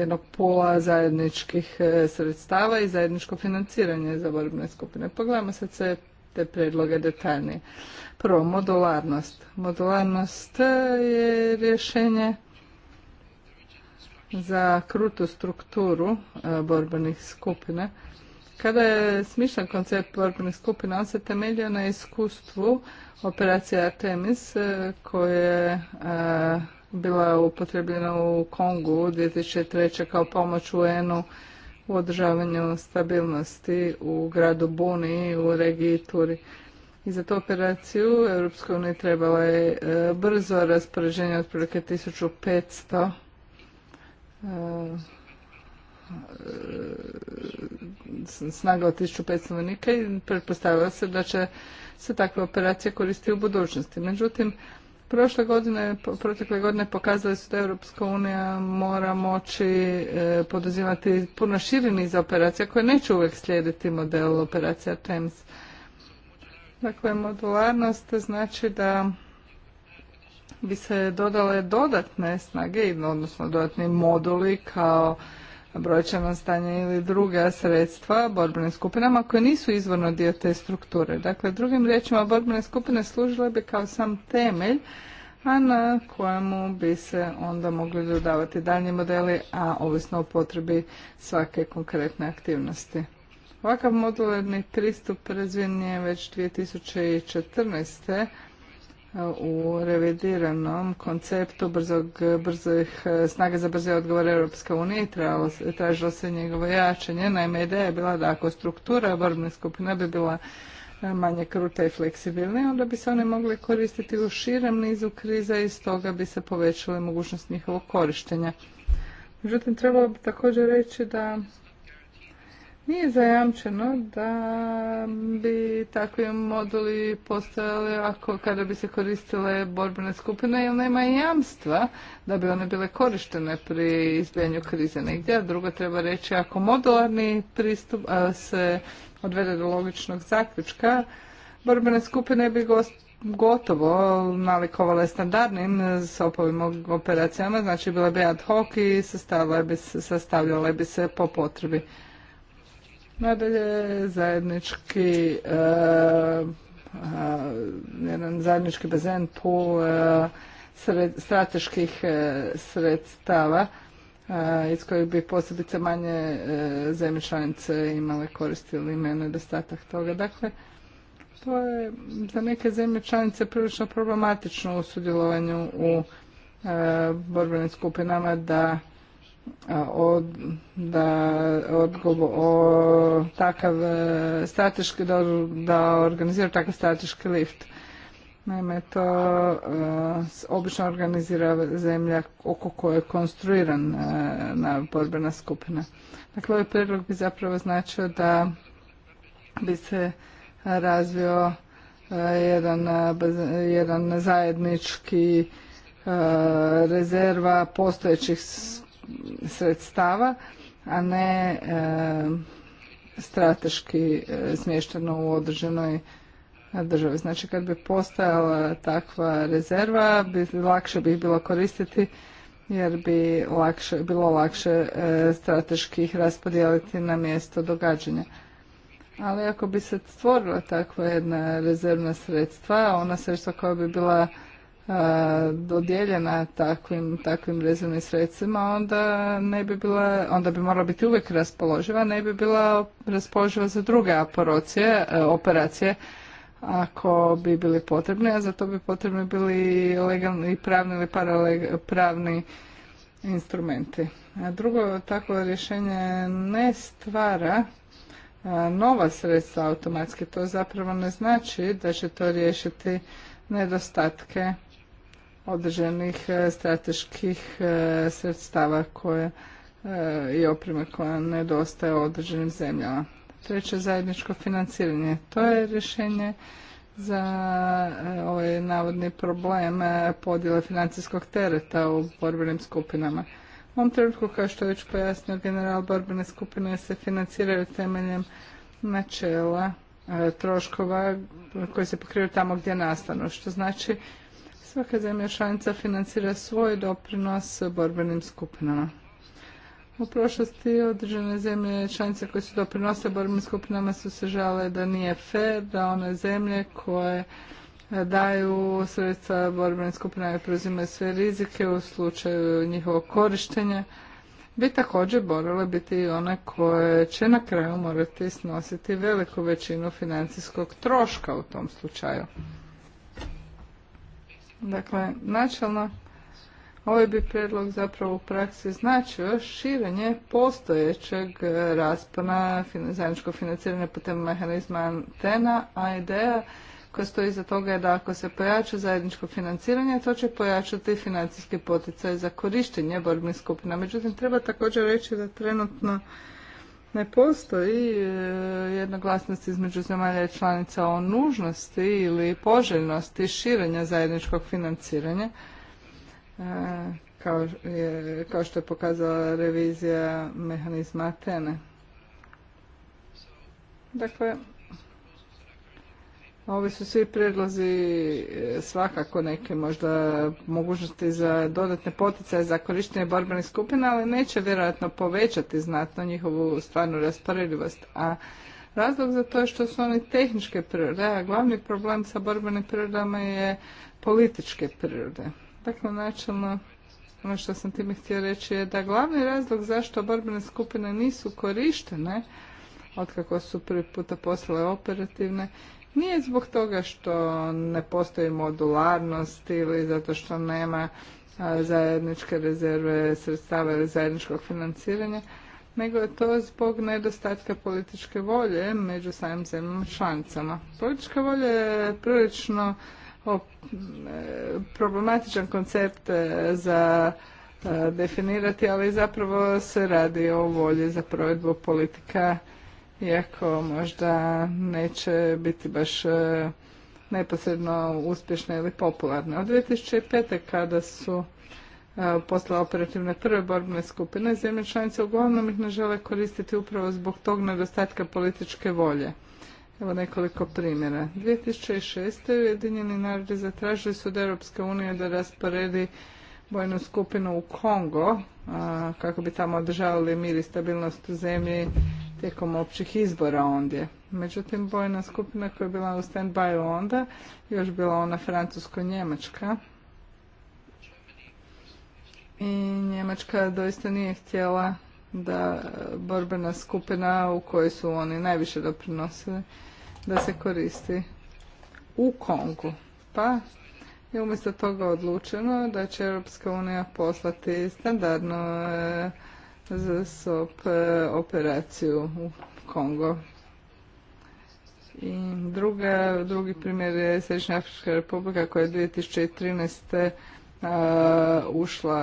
jednog pola zajedničkih sredstava i zajedničko financiranje za borbene skupine. Pogledajmo sad sve te predloge detaljnije. Prvo, modularnost. Modularnost je rješenje za krutu strukturu borbenih skupina kada je smišljen koncept borbenih skupina, on se temeljio na iskustvu operacije Artemis e, koja e, je bila upotrebljena u Kongu 2003. kao pomoć UN-u u održavanju stabilnosti u gradu Buni i u regiji Turi. I za tu operaciju Europskoj uniji trebalo je e, brzo raspoređenje otprilike 1500 snaga od 1500 vojnika i pretpostavila se da će se takve operacije koristiti u budućnosti. Međutim, prošle godine, protekle godine pokazali su da Europska unija mora moći e, poduzimati puno širi niz operacija koje neće uvijek slijediti model operacija TEMS. Dakle, modularnost znači da bi se dodale dodatne snage, odnosno dodatni moduli kao brojčano stanje ili druga sredstva borbenim skupinama koje nisu izvorno dio te strukture. Dakle, drugim riječima, borbene skupine služile bi kao sam temelj, a na kojemu bi se onda mogli dodavati daljnji modeli, a ovisno o potrebi svake konkretne aktivnosti. Ovakav modularni pristup razvijen je već 2014 u revidiranom konceptu brzog, brzih, snaga za brze odgovore Europske unije tražilo se njegovo jačanje. Naime, ideja je bila da ako struktura borbne skupine bi bila manje kruta i fleksibilna, onda bi se one mogli koristiti u širem nizu kriza i stoga bi se povećala mogućnost njihovog korištenja. Međutim, trebalo bi također reći da nije zajamčeno da bi takvi moduli postojali ako kada bi se koristile borbene skupine jer nema jamstva da bi one bile korištene pri izbijanju krize negdje. drugo treba reći ako modularni pristup se odvede do logičnog zaključka, borbene skupine bi gotovo nalikovale standardnim sopovim operacijama, znači bila bi ad hoc i sastavljale bi se po potrebi. Nadalje, zajednički e, jedan zajednički bazen uh, sred, strateških e, sredstava iz kojih bi posebice manje zemlje članice imale koristi ili imaju nedostatak toga. Dakle, to je za neke zemlje članice prilično problematično u sudjelovanju u borbenim skupinama da da o, takav e, strateški, da, organizira takav strateški lift. Naime, to e, obično organizira zemlja oko koje je konstruiran e, na borbena skupina. Dakle, ovaj prijedlog bi zapravo značio da bi se razvio jedan, jedan zajednički rezerva postojećih sredstava, a ne e, strateški e, smješteno u određenoj državi. Znači kad bi postojala takva rezerva, bi, lakše bi bilo koristiti jer bi lakše, bilo lakše e, strateški ih raspodijeliti na mjesto događanja. Ali ako bi se stvorila takva jedna rezervna sredstva, ona sredstva koja bi bila E, dodijeljena takvim, takvim rezervnim sredstvima, onda ne bi bila, onda bi morala biti uvijek raspoloživa, ne bi bila raspoloživa za druge aporocije, e, operacije ako bi bili potrebni, a za to bi potrebni bili legalni i pravni ili pravni instrumenti. A drugo, takvo rješenje ne stvara e, nova sredstva automatski. To zapravo ne znači da će to riješiti nedostatke određenih e, strateških e, sredstava koje e, i opreme koja nedostaje u određenim zemljama. Treće zajedničko financiranje. To je rješenje za ovaj navodni problem podjele financijskog tereta u borbenim skupinama. U ovom trenutku, kao što je već pojasnio general, borbene skupine se financiraju temeljem načela troškova koji se pokrivaju tamo gdje nastanu, što znači Svaka zemlja članica financira svoj doprinos borbenim skupinama. U prošlosti određene zemlje članice koje su doprinose borbenim skupinama su se žale da nije fair, da one zemlje koje eh, daju sredstva borbenim skupinama i preuzimaju sve rizike u slučaju njihovog korištenja, bi također borale biti i one koje će na kraju morati snositi veliku većinu financijskog troška u tom slučaju. Dakle, načelno ovaj bi prijedlog zapravo u praksi značio širenje postojećeg e, raspona zajedničkog financiranja putem mehanizma antena, a ideja koja stoji iza toga je da ako se pojača zajedničko financiranje, to će pojačati financijski poticaj za korištenje borbnih skupina. Međutim, treba također reći da trenutno ne postoji e, jednoglasnost između zemalja i članica o nužnosti ili poželjnosti širenja zajedničkog financiranja e, kao, je, kao što je pokazala revizija mehanizma Atene. Dakle, Ovi su svi prijedlozi e, svakako neke možda mogućnosti za dodatne poticaje za korištenje borbenih skupina, ali neće vjerojatno povećati znatno njihovu stvarnu rasporedivost. A razlog za to je što su oni tehničke prirode, a glavni problem sa borbenim prirodama je političke prirode. Dakle, načelno ono što sam time htio reći je da glavni razlog zašto borbene skupine nisu korištene otkako su prvi puta postale operativne nije zbog toga što ne postoji modularnost ili zato što nema zajedničke rezerve sredstava ili zajedničkog financiranja, nego je to zbog nedostatka političke volje među samim zemljama članicama. Politička volja je prilično e, problematičan koncept e, za e, definirati, ali zapravo se radi o volji za provedbu politika iako možda neće biti baš e, neposredno uspješne ili popularne. Od 2005. kada su e, posle operativne prve borbene skupine, zemlje članice uglavnom ih ne žele koristiti upravo zbog tog nedostatka političke volje. Evo nekoliko primjera. 2006. Ujedinjeni narodi zatražili su od Europske unije da rasporedi vojnu skupinu u Kongo, kako bi tamo održavali mir i stabilnost u zemlji tijekom općih izbora ondje. Međutim, bojna skupina koja je bila u stand-by onda, još bila ona francusko-njemačka. I Njemačka doista nije htjela da borbena skupina u kojoj su oni najviše doprinosili da se koristi u Kongu. Pa je umjesto toga odlučeno da će Europska unija poslati standardno e, za SOP e, operaciju u Kongo. I druga, drugi primjer je Središnja Afrička republika koja je 2013. Uh, e, ušla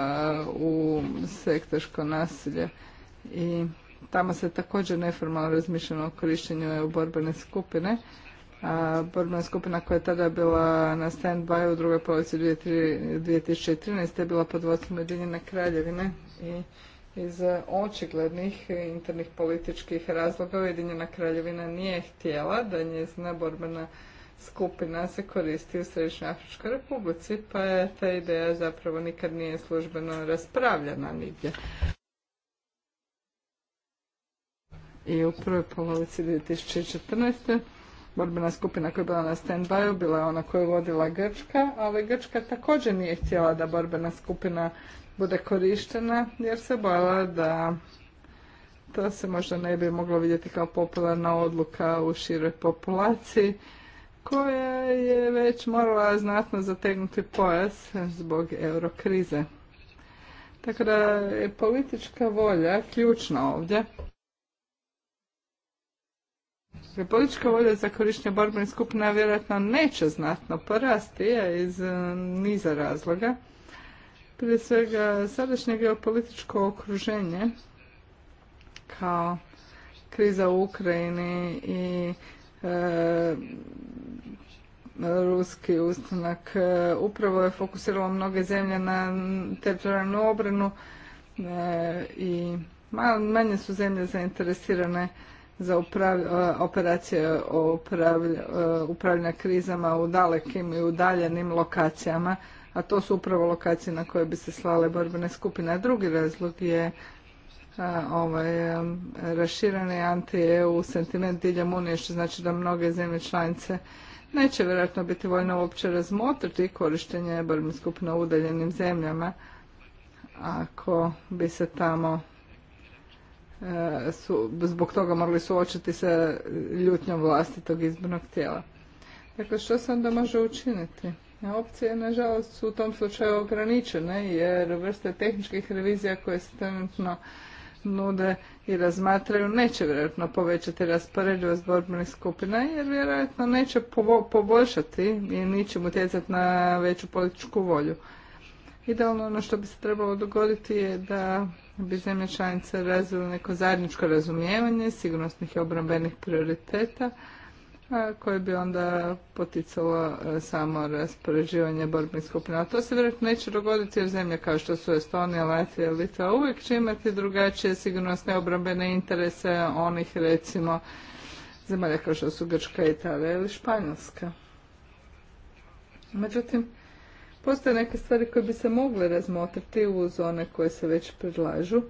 u sektorsko nasilje i tamo se također neformalno razmišljeno o korištenju EU borbene skupine. A, borbena skupina koja je tada bila na stand-by u drugoj polovici 2013. je bila pod vodstvom Ujedinjene kraljevine i iz očiglednih internih političkih razloga Ujedinjena kraljevina nije htjela da njezina borbena skupina se koristi u Središnjoj Afričkoj republici, pa je ta ideja zapravo nikad nije službeno raspravljena nigdje. I u prvoj polovici 2014. Borbena skupina koja je bila na stand bila je ona koju je vodila Grčka, ali Grčka također nije htjela da borbena skupina bude korištena jer se bojala da to se možda ne bi moglo vidjeti kao popularna odluka u široj populaciji koja je već morala znatno zategnuti pojas zbog eurokrize. Tako da je politička volja ključna ovdje. Politička volja za korištenje borbenih skupina vjerojatno neće znatno porasti iz niza razloga prije svega sadašnje geopolitičko okruženje kao kriza u Ukrajini i e, ruski ustanak e, upravo je fokusiralo mnoge zemlje na teritorijalnu obranu e, i manje su zemlje zainteresirane za operacije upravlja, upravljanja krizama u dalekim i udaljenim lokacijama a to su upravo lokacije na koje bi se slale borbene skupine. A drugi razlog je ovaj, rašireni anti-EU sentiment diljem Unije, što znači da mnoge zemlje članice neće vjerojatno biti voljno uopće razmotriti korištenje borbene skupine u udaljenim zemljama ako bi se tamo e, su, zbog toga mogli suočiti sa ljutnjom vlastitog izbornog tijela. Dakle, što se onda može učiniti? opcije nažalost su u tom slučaju ograničene jer vrste tehničkih revizija koje se trenutno nude i razmatraju neće vjerojatno povećati rasporedivost borbenih skupina jer vjerojatno neće poboljšati i mu utjecati na veću političku volju. Idealno ono što bi se trebalo dogoditi je da bi zemlje članice razvile neko zajedničko razumijevanje sigurnosnih i obrambenih prioriteta koje bi onda poticalo e, samo raspoređivanje borbnih skupina. To se vjerojatno neće dogoditi jer zemlje kao što su Estonija, Latvija, Litva uvijek će imati drugačije sigurnosne obrambene interese onih recimo zemalja kao što su Grčka, Italija ili Španjolska. Međutim, postoje neke stvari koje bi se mogle razmotriti uz one koje se već predlažu.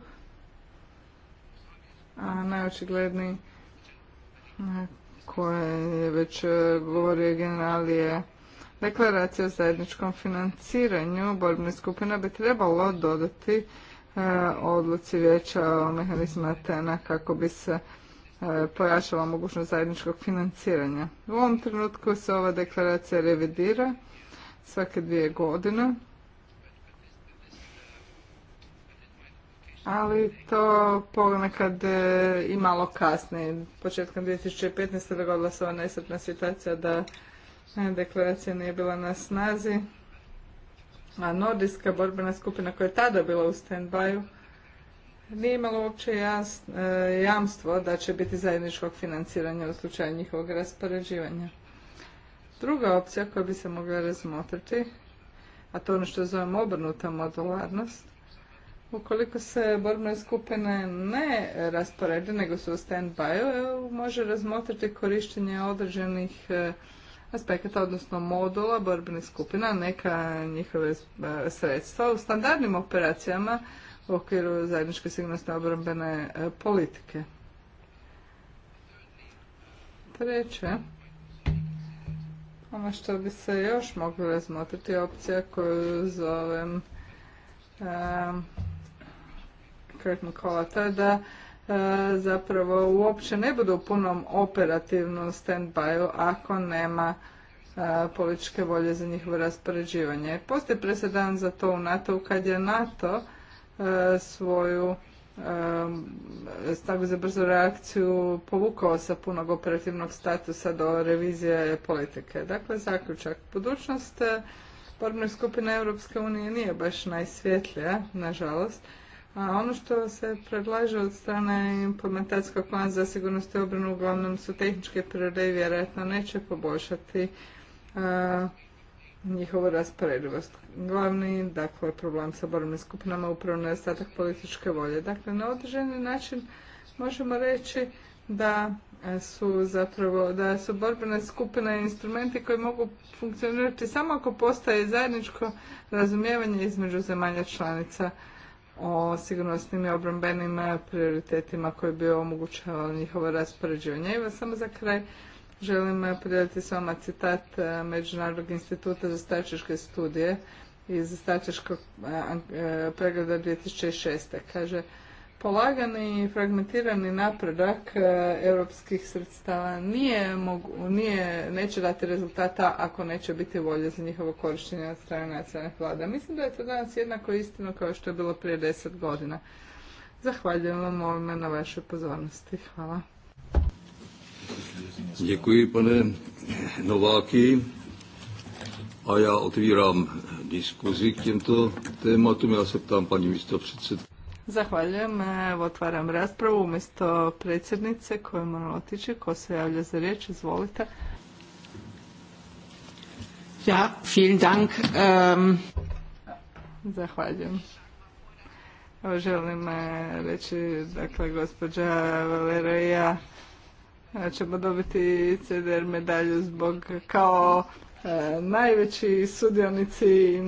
A najočigledniji koje je već e, govorio general je deklaracija o zajedničkom financiranju borbnih skupine bi trebalo dodati e, odluci vijeća o mehanizma Atena kako bi se e, pojačala mogućnost zajedničkog financiranja. U ovom trenutku se ova deklaracija revidira svake dvije godine ali to ponekad e, i malo kasne. Početkom 2015. dogodila se ova nesretna situacija da e, deklaracija nije bila na snazi, a nordijska borbena skupina koja je tada bila u stand nije imala uopće e, jamstvo da će biti zajedničkog financiranja u slučaju njihovog raspoređivanja. Druga opcija koja bi se mogla razmotriti, a to ono što zovem obrnuta modularnost, Ukoliko se borbne skupine ne rasporede, nego su u stand-by, može razmotriti korištenje određenih e, aspekata, odnosno modula borbenih skupina, neka njihove e, sredstva u standardnim operacijama u okviru zajedničke sigurnosne obrambene e, politike. Treće, ono što bi se još moglo razmotriti opcija koju zovem konkretno da e, zapravo uopće ne budu u punom operativnom stand-by ako nema e, političke volje za njihovo raspoređivanje. Postoji presedan za to u NATO kad je NATO e, svoju stavu za brzu reakciju povukao sa punog operativnog statusa do revizije politike. Dakle, zaključak. Budućnost borbne skupine Europske unije nije baš najsvjetlija, nažalost. A ono što se predlaže od strane implementacijskog plana za sigurnost i obranu uglavnom su tehničke prirode i vjerojatno neće poboljšati a, e, njihovu rasporedivost. Glavni dakle, problem sa borbenim skupinama upravo nedostatak političke volje. Dakle, na određeni način možemo reći da su zapravo da su borbene skupine instrumenti koji mogu funkcionirati samo ako postaje zajedničko razumijevanje između zemalja članica o sigurnosnim i obrambenim e, prioritetima koji bi omogućavali njihovo raspoređivanje. Evo samo za kraj želim e, podijeliti s vama citat e, Međunarodnog instituta za strateške studije iz strateškog pregleda 2006. Kaže, polagani i fragmentirani napredak e, europskih sredstava nije, nije, neće dati rezultata ako neće biti volje za njihovo korištenje od strane nacionalnih vlada. Mislim da je to danas jednako istino kao što je bilo prije deset godina. Zahvaljujem vam ovime na vašoj pozornosti. Hvala. pane A ja otviram diskuzi k těmto tématům. Ja se ptám paní ministro, Zahvaljujem. Evo, otvaram raspravu umjesto predsjednice koja je morala otići. Ko se javlja za riječ? Izvolite. Ja, vielen Dank. Ehm, Zahvaljujem. Evo, želim eh, reći, dakle, gospođa Valera i eh, ćemo dobiti CDR medalju zbog kao eh, najveći sudionici i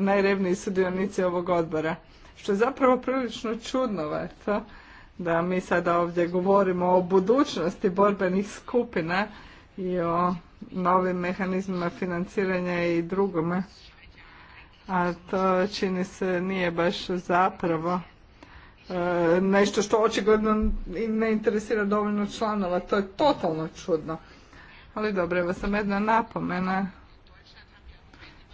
najrevniji sudionici ovog odbora što je zapravo prilično čudno da mi sada ovdje govorimo o budućnosti borbenih skupina i o novim mehanizmima financiranja i drugome. A to čini se nije baš zapravo e, nešto što očigledno ne interesira dovoljno članova. To je totalno čudno. Ali dobro, evo sam jedna napomena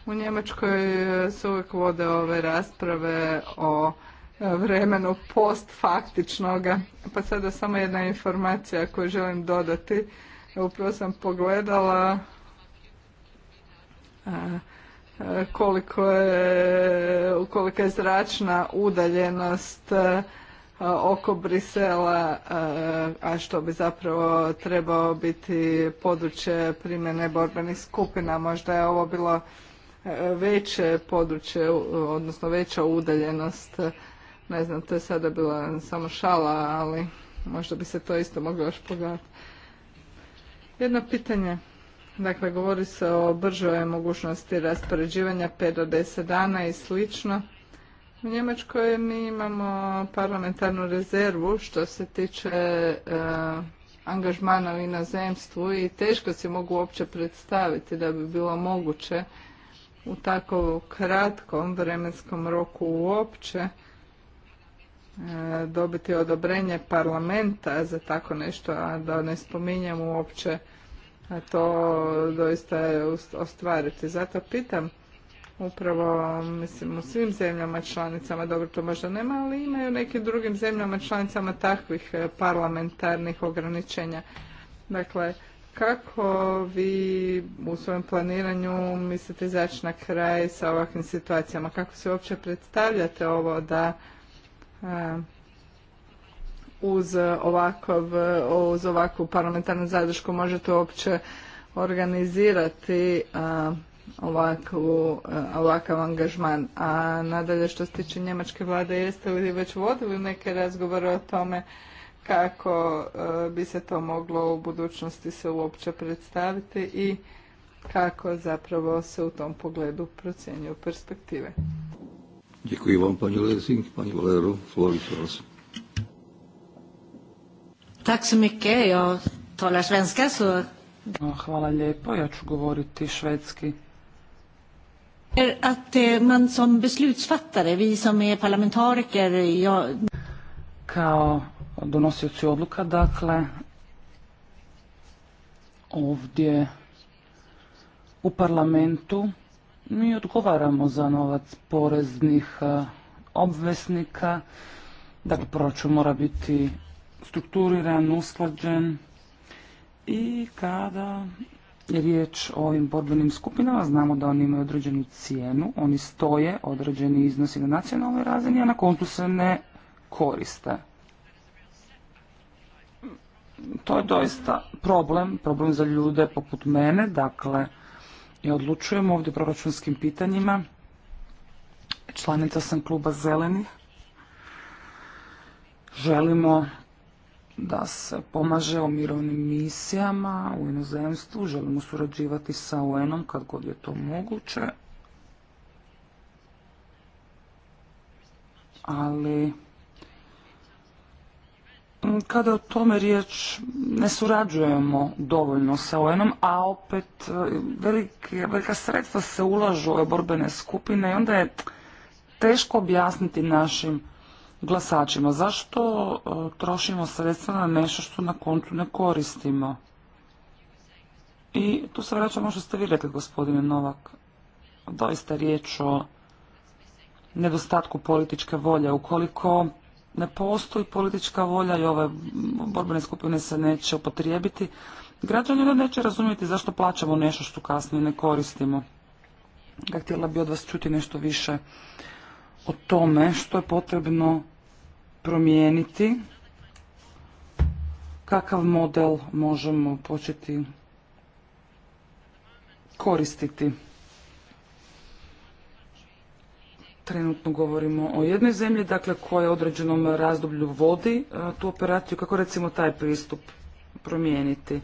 u Njemačkoj e, se uvijek vode ove rasprave o e, vremenu postfaktičnoga. Pa sada samo jedna informacija koju želim dodati. Upravo sam pogledala e, koliko je, je zračna udaljenost oko Brisela, a što bi zapravo trebao biti područje primjene borbenih skupina. Možda je ovo bilo veće područje, odnosno veća udaljenost. Ne znam, to je sada bila samo šala, ali možda bi se to isto moglo još pogledati. Jedno pitanje. Dakle, govori se o bržoj mogućnosti raspoređivanja 5 10 dana i slično. U Njemačkoj mi imamo parlamentarnu rezervu što se tiče e, angažmana u inozemstvu i teško se mogu uopće predstaviti da bi bilo moguće u tako kratkom vremenskom roku uopće e, dobiti odobrenje parlamenta za tako nešto, a da ne spominjem uopće to doista je ostvariti. Zato pitam upravo mislim u svim zemljama članicama, dobro to možda nema, ali imaju nekim drugim zemljama članicama takvih e, parlamentarnih ograničenja. Dakle, kako vi u svojem planiranju mislite izaći na kraj sa ovakvim situacijama? Kako se uopće predstavljate ovo da e, uz, uz ovakvu parlamentarnu zadršku možete uopće organizirati e, ovakvu, e, ovakav angažman. A nadalje što se tiče njemačke vlade, jeste li već vodili neke razgovore o tome kako e, bi se to moglo u budućnosti se uopće predstaviti i kako zapravo se u tom pogledu procjenjuju perspektive. Děkuji vám, paní Lezing, paní Valero, vás. Tak så mycket, jag talar svenska så... Hvala lijepo, ja ću govoriti švedski. Att man som beslutsfattare, vi som är parlamentariker, jag... Kao donosioci odluka, dakle, ovdje u parlamentu mi odgovaramo za novac poreznih e, obveznika, dakle proračun mora biti strukturiran, usklađen i kada je riječ o ovim borbenim skupinama, znamo da oni imaju određenu cijenu, oni stoje određeni iznosi na nacionalnoj razini, a na kontu se ne koriste to je doista problem, problem za ljude poput mene, dakle, i odlučujem ovdje proračunskim pitanjima, članica sam kluba zelenih, želimo da se pomaže o mirovnim misijama u inozemstvu, želimo surađivati sa UN-om kad god je to moguće, ali kada o tome riječ ne surađujemo dovoljno sa onom, a opet e, velika sredstva se ulažu u ove borbene skupine i onda je teško objasniti našim glasačima zašto e, trošimo sredstva na nešto što na koncu ne koristimo. I tu se vraćamo ono što ste vi rekli, gospodine Novak. Doista riječ o nedostatku političke volje. Ukoliko ne postoji politička volja i ove borbene skupine se neće upotrijebiti, građani neće razumjeti zašto plaćamo nešto što kasnije ne koristimo. Ja htjela bi od vas čuti nešto više o tome što je potrebno promijeniti, kakav model možemo početi koristiti. Trenutno govorimo o jednoj zemlji, dakle koja u određenom razdoblju vodi e, tu operaciju, kako recimo taj pristup promijeniti.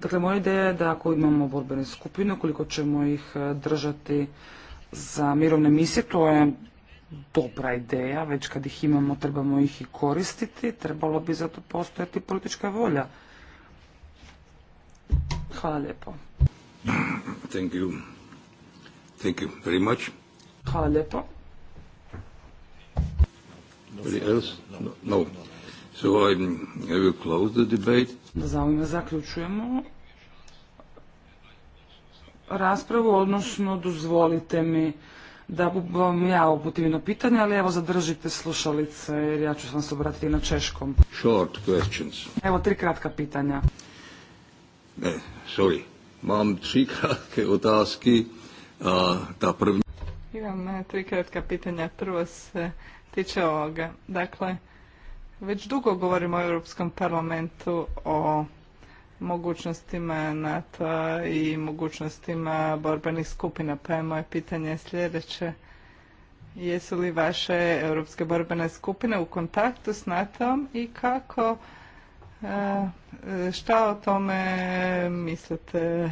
Dakle, moja ideja je da ako imamo borbene skupine, koliko ćemo ih e, držati za mirovne misije, to je dobra ideja, već kad ih imamo trebamo ih i koristiti, trebalo bi zato postojati politička volja. Hvala lijepo. Thank you. Thank you very much. Hvala lijepo. No. So um, Za ovime zaključujemo raspravu, odnosno dozvolite mi da vam ja uputim jedno pitanje, ali evo zadržite slušalice jer ja ću vam se obratiti na češkom. Short Evo tri kratka pitanja. Ne, sorry. Mam tri kratke otaske. ta prvnja... Imam e, tri kratka pitanja. Prvo se tiče ovoga. Dakle, već dugo govorimo o Europskom parlamentu o mogućnostima NATO i mogućnostima borbenih skupina. Pa je moje pitanje sljedeće. Jesu li vaše europske borbene skupine u kontaktu s NATO-om i kako e, šta o tome mislite?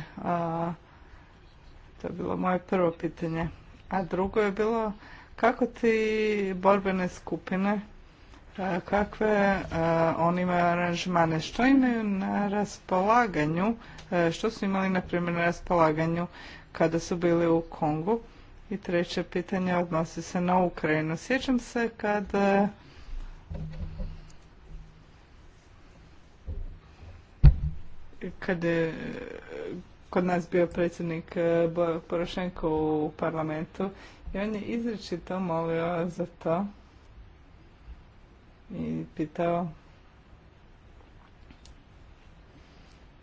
To je bilo moje prvo pitanje. A drugo je bilo kako ti borbene skupine, e, kakve e, oni imaju aranžmane, što imaju na raspolaganju, e, što su imali na primjer na raspolaganju kada su bili u Kongu. I treće pitanje odnosi se na Ukrajinu. Sjećam se kada kod nas bio predsjednik e, Porošenko u parlamentu i on je izričito molio za to i pitao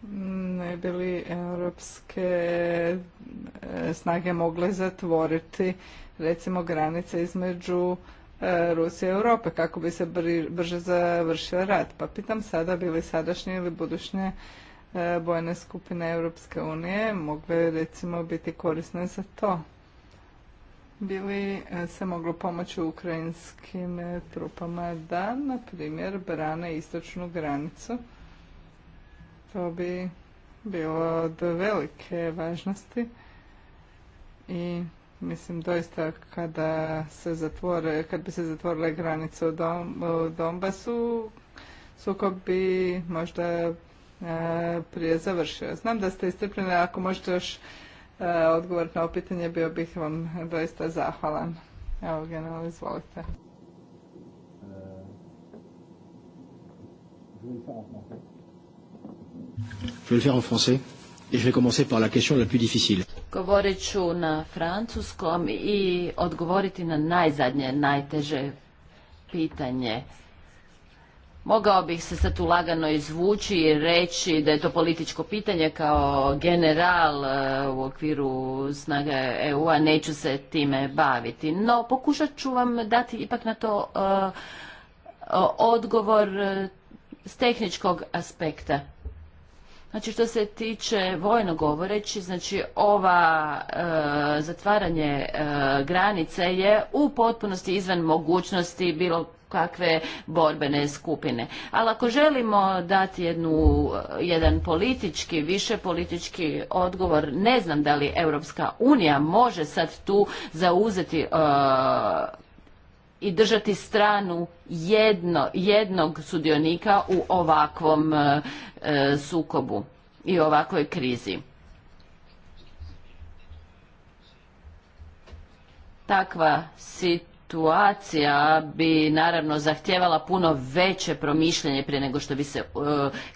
mm, ne bi li europske e, snage mogle zatvoriti recimo granice između e, Rusije i Europe kako bi se brže završio rat. Pa pitam sada bi li sadašnje ili budućne E, bojne skupine Europske unije mogle recimo biti korisne za to? Bili e, se moglo pomoći ukrajinskim e, trupama da, na primjer, brane istočnu granicu? To bi bilo od velike važnosti i mislim doista kada se zatvore, kad bi se zatvorile granice u, Dom, u Donbasu, sukob bi možda E, prije završio. Znam da ste istrpljeni, ako možete još e, odgovor na ovo pitanje, bio bih vam doista zahvalan. Evo, general, izvolite. Govorit ću na francuskom i odgovoriti na najzadnje, najteže pitanje. Mogao bih se sad tu lagano izvući i reći da je to političko pitanje kao general e, u okviru snaga EU-a, neću se time baviti. No, pokušat ću vam dati ipak na to e, odgovor e, s tehničkog aspekta. Znači što se tiče vojno govoreći, znači ova zatvaranje granice je u potpunosti izvan mogućnosti bilo kakve borbene skupine. Ali ako želimo dati jednu, jedan politički, više politički odgovor, ne znam da li Europska unija može sad tu zauzeti e, i držati stranu jednog sudionika u ovakvom e, sukobu i ovakvoj krizi. Takva situacija situacija bi naravno zahtjevala puno veće promišljanje prije nego što bi se e,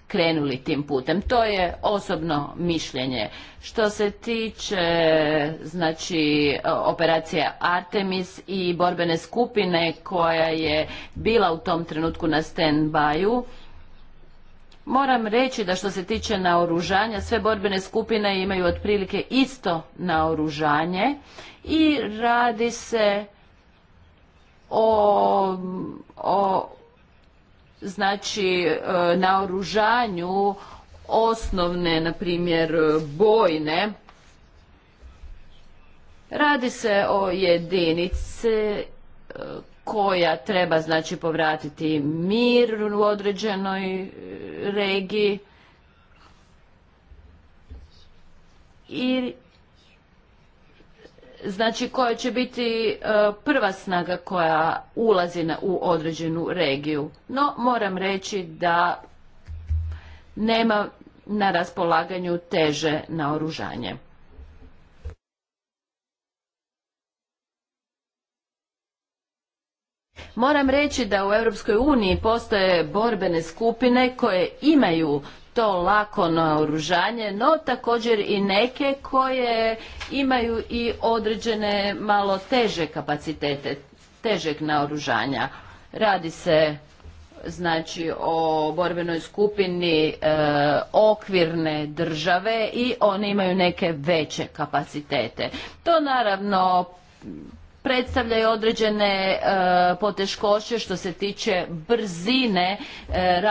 krenuli tim putem. To je osobno mišljenje. Što se tiče znači operacije Artemis i borbene skupine koja je bila u tom trenutku na stand-byu, Moram reći da što se tiče naoružanja, sve borbene skupine imaju otprilike isto naoružanje i radi se o, o znači e, naoružanju osnovne na primjer bojne radi se o jedinici e, koja treba znači povratiti mir u određenoj e, regiji i znači koja će biti e, prva snaga koja ulazi u određenu regiju. No, moram reći da nema na raspolaganju teže naoružanje. Moram reći da u Europskoj uniji postoje borbene skupine koje imaju to lako naoružanje, no također i neke koje imaju i određene malo teže kapacitete, težeg naoružanja. Radi se znači o borbenoj skupini e, okvirne države i oni imaju neke veće kapacitete. To naravno predstavlja i određene e, poteškoće što se tiče brzine e,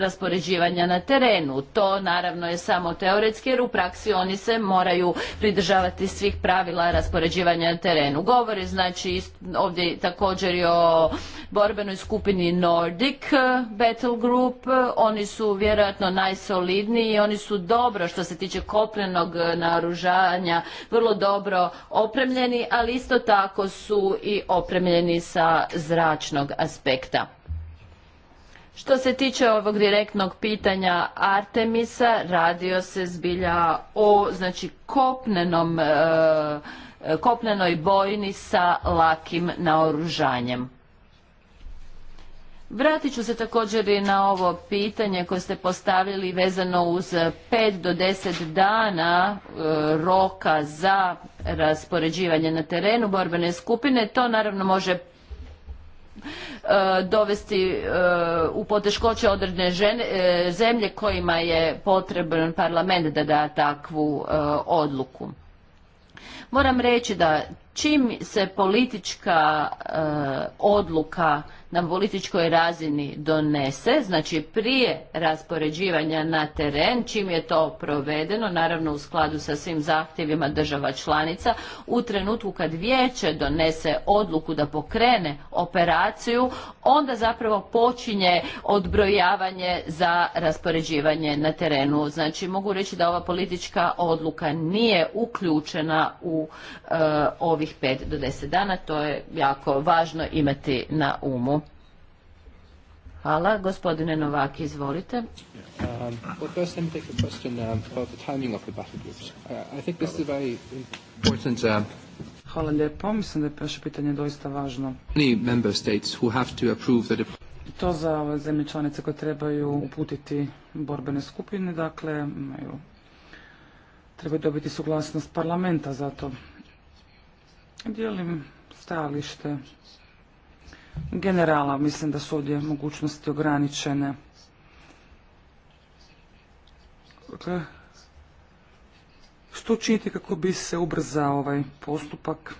raspoređivanja na terenu. To naravno je samo teoretski jer u praksi oni se moraju pridržavati svih pravila raspoređivanja na terenu. Govori znači ovdje također i o borbenoj skupini Nordic Battle Group. Oni su vjerojatno najsolidniji i oni su dobro što se tiče kopnenog naoružanja vrlo dobro opremljeni, ali isto tako su i opremljeni sa zračnog aspekta. Što se tiče ovog direktnog pitanja Artemisa, radio se zbilja o znači, kopnenom, e, kopnenoj bojni sa lakim naoružanjem. Vratit ću se također i na ovo pitanje koje ste postavili vezano uz 5 do 10 dana e, roka za raspoređivanje na terenu borbene skupine. To naravno može E, dovesti e, u poteškoće određene e, zemlje kojima je potreban parlament da da takvu odluku. Moram reći da čim se politička odluka na političkoj razini donese, znači prije raspoređivanja na teren, čim je to provedeno, naravno u skladu sa svim zahtjevima država članica, u trenutku kad vijeće donese odluku da pokrene operaciju, onda zapravo počinje odbrojavanje za raspoređivanje na terenu. Znači mogu reći da ova politička odluka nije uključena u e, ovih pet do 10 dana, to je jako važno imati na umu. Hvala. Gospodine Novak, izvolite. Uh, um, Hvala lijepo. Mislim da je vaše pitanje doista važno. To za zemlje članice koje trebaju uputiti borbene skupine, dakle, imaju, trebaju dobiti suglasnost parlamenta za to. Dijelim stajalište generala. Mislim da su ovdje mogućnosti ograničene. Dakle, što činiti kako bi se ubrzao ovaj postupak?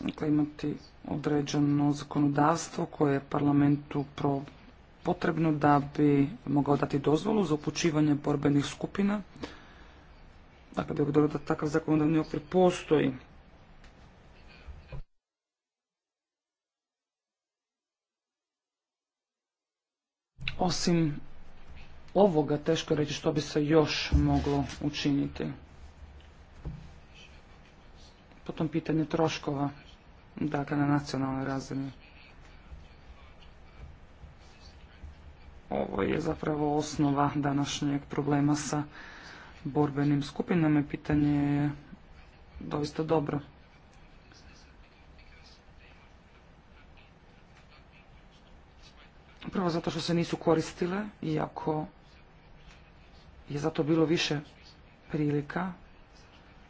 Dakle, imati određeno zakonodavstvo koje je parlamentu pro potrebno da bi mogao dati dozvolu za upućivanje borbenih skupina. Dakle, da takav zakonodavni okvir postoji. Osim ovoga, teško reći što bi se još moglo učiniti. Potom pitanje troškova, dakle na nacionalnoj razini. Ovo je zapravo osnova današnjeg problema sa borbenim skupinama i pitanje je doista dobro. Prvo zato što se nisu koristile, iako je zato bilo više prilika.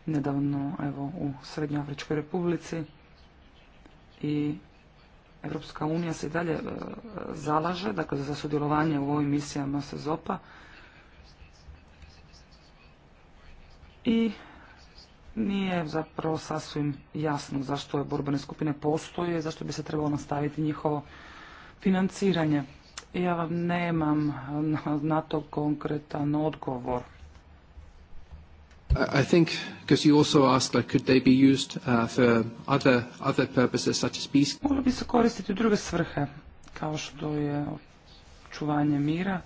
Nedavno, evo, u Srednjoafričkoj republici i Evropska unija se i dalje e, zalaže, dakle, za sudjelovanje u ovim misijama SEZOP-a. I nije zapravo sasvim jasno zašto je borbene skupine postoje, zašto bi se trebalo nastaviti njihovo financiranje. Ja vam nemam na to konkretan odgovor. I think, because you also asked, like, could they be used uh, for other, other purposes, such as peace? Mogli bi se koristiti u druge svrhe, kao što je čuvanje mira.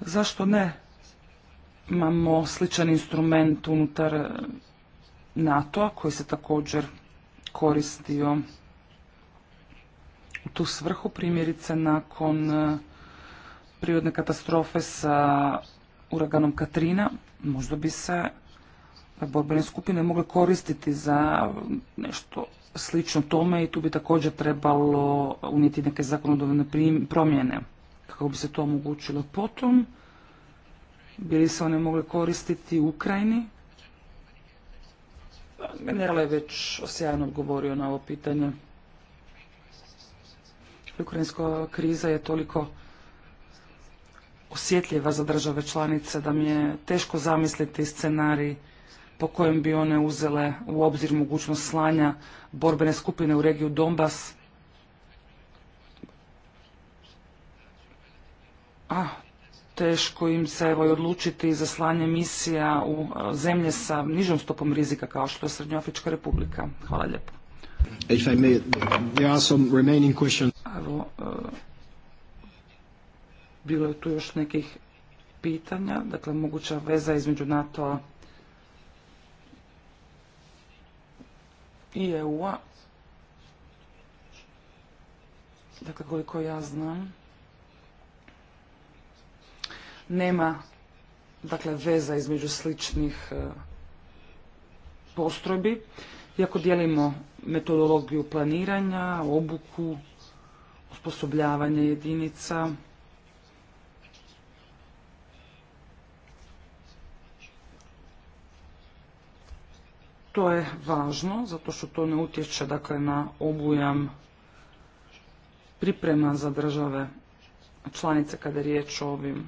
Zašto ne? Imamo sličan instrument unutar uh, NATO-a koji se također koristio u tu svrhu, primjerice nakon e, prirodne katastrofe sa uraganom Katrina, možda bi se borbene skupine mogle koristiti za nešto slično tome i tu bi također trebalo unijeti neke zakonodavne promjene kako bi se to omogućilo. Potom bili se one mogle koristiti u Ukrajini. General je već sjajno odgovorio na ovo pitanje ukrajinska kriza je toliko osjetljiva za države članice da mi je teško zamisliti scenarij po kojem bi one uzele u obzir mogućnost slanja borbene skupine u regiju Donbas. A, teško im se evo, odlučiti za slanje misija u e, zemlje sa nižom stopom rizika kao što je Srednjoafrička republika. Hvala lijepo. If I may, there remaining questions. E, bilo je tu još nekih pitanja, dakle moguća veza između NATO-a i EU-a. Dakle, koliko ja znam, nema dakle veza između sličnih e, postrojbi. Iako dijelimo metodologiju planiranja, obuku, osposobljavanje jedinica, To je važno, zato što to ne utječe dakle, na obujam priprema za države članice kada je riječ o ovim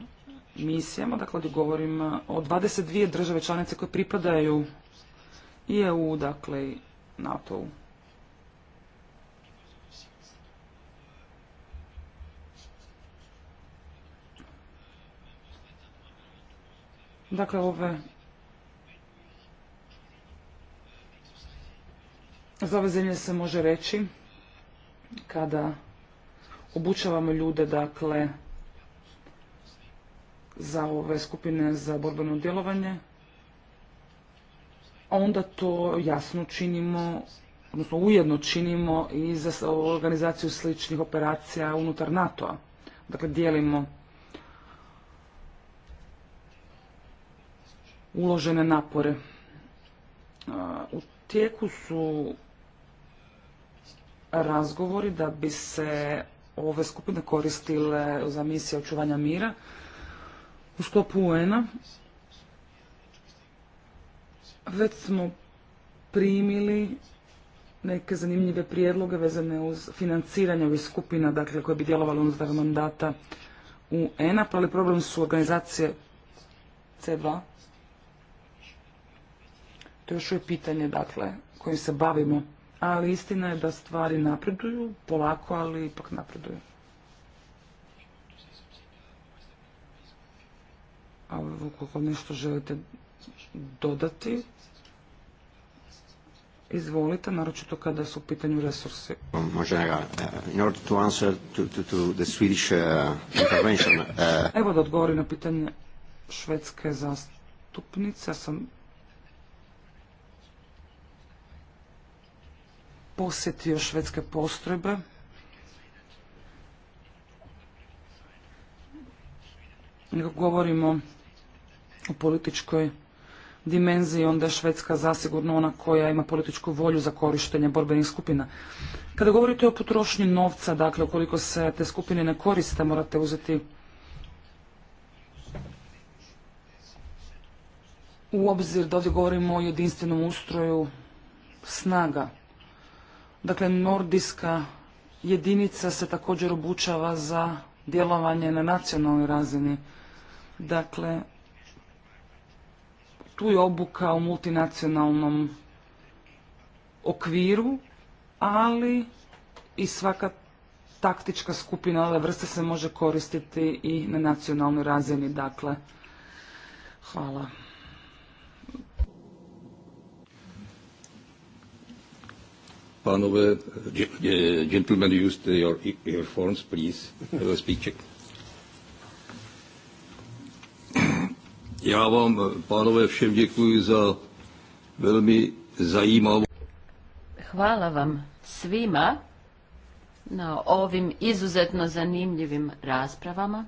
misijama. Dakle, govorim o 22 države članice koje pripadaju i EU, dakle i NATO-u. Dakle, ove za ove zemlje se može reći kada obučavamo ljude, dakle, za ove skupine za borbeno djelovanje, onda to jasno činimo, odnosno ujedno činimo i za organizaciju sličnih operacija unutar NATO-a. Dakle, dijelimo uložene napore. U tijeku su razgovori da bi se ove skupine koristile za misije očuvanja mira u sklopu UN-a već smo primili neke zanimljive prijedloge vezane uz financiranje ovih skupina, dakle, koje bi djelovali unutar mandata u ENAP, ali problem su organizacije C2. To još uvijek pitanje, dakle, kojim se bavimo. Ali istina je da stvari napreduju, polako, ali ipak napreduju. A ukoliko nešto želite dodati? Izvolite, naročito kada su u pitanju resursi. Evo da odgovorim na pitanje švedske zastupnice. Ja sam posjetio švedske postrojbe. Govorimo o političkoj dimenziji, onda je Švedska zasigurno ona koja ima političku volju za korištenje borbenih skupina. Kada govorite o potrošnji novca, dakle, ukoliko se te skupine ne koriste, morate uzeti u obzir da ovdje govorimo o jedinstvenom ustroju snaga. Dakle, nordijska jedinica se također obučava za djelovanje na nacionalnoj razini. Dakle, tu je obuka u multinacionalnom okviru, ali i svaka taktička skupina ove vrste se može koristiti i na nacionalnoj razini. Dakle, hvala. Panove, gentlemen, use your earphones, please. Speak Já vám, pánové, všem děkuji za velmi zajímavou... Hvala vam svima na ovim izuzetno zanimljivim raspravama.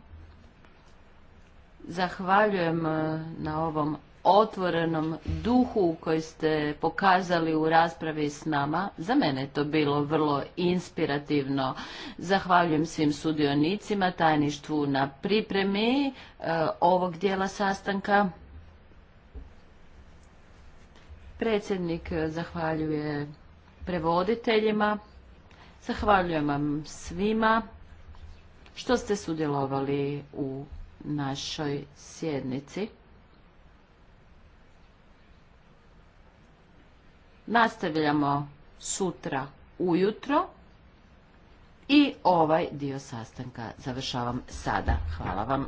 Zahvaljujem eh, na ovom otvorenom duhu koji ste pokazali u raspravi s nama. Za mene je to bilo vrlo inspirativno. Zahvaljujem svim sudionicima, tajništvu na pripremi e, ovog dijela sastanka. Predsjednik zahvaljuje prevoditeljima. Zahvaljujem vam svima što ste sudjelovali u našoj sjednici. Nastavljamo sutra ujutro i ovaj dio sastanka završavam sada. Hvala vam.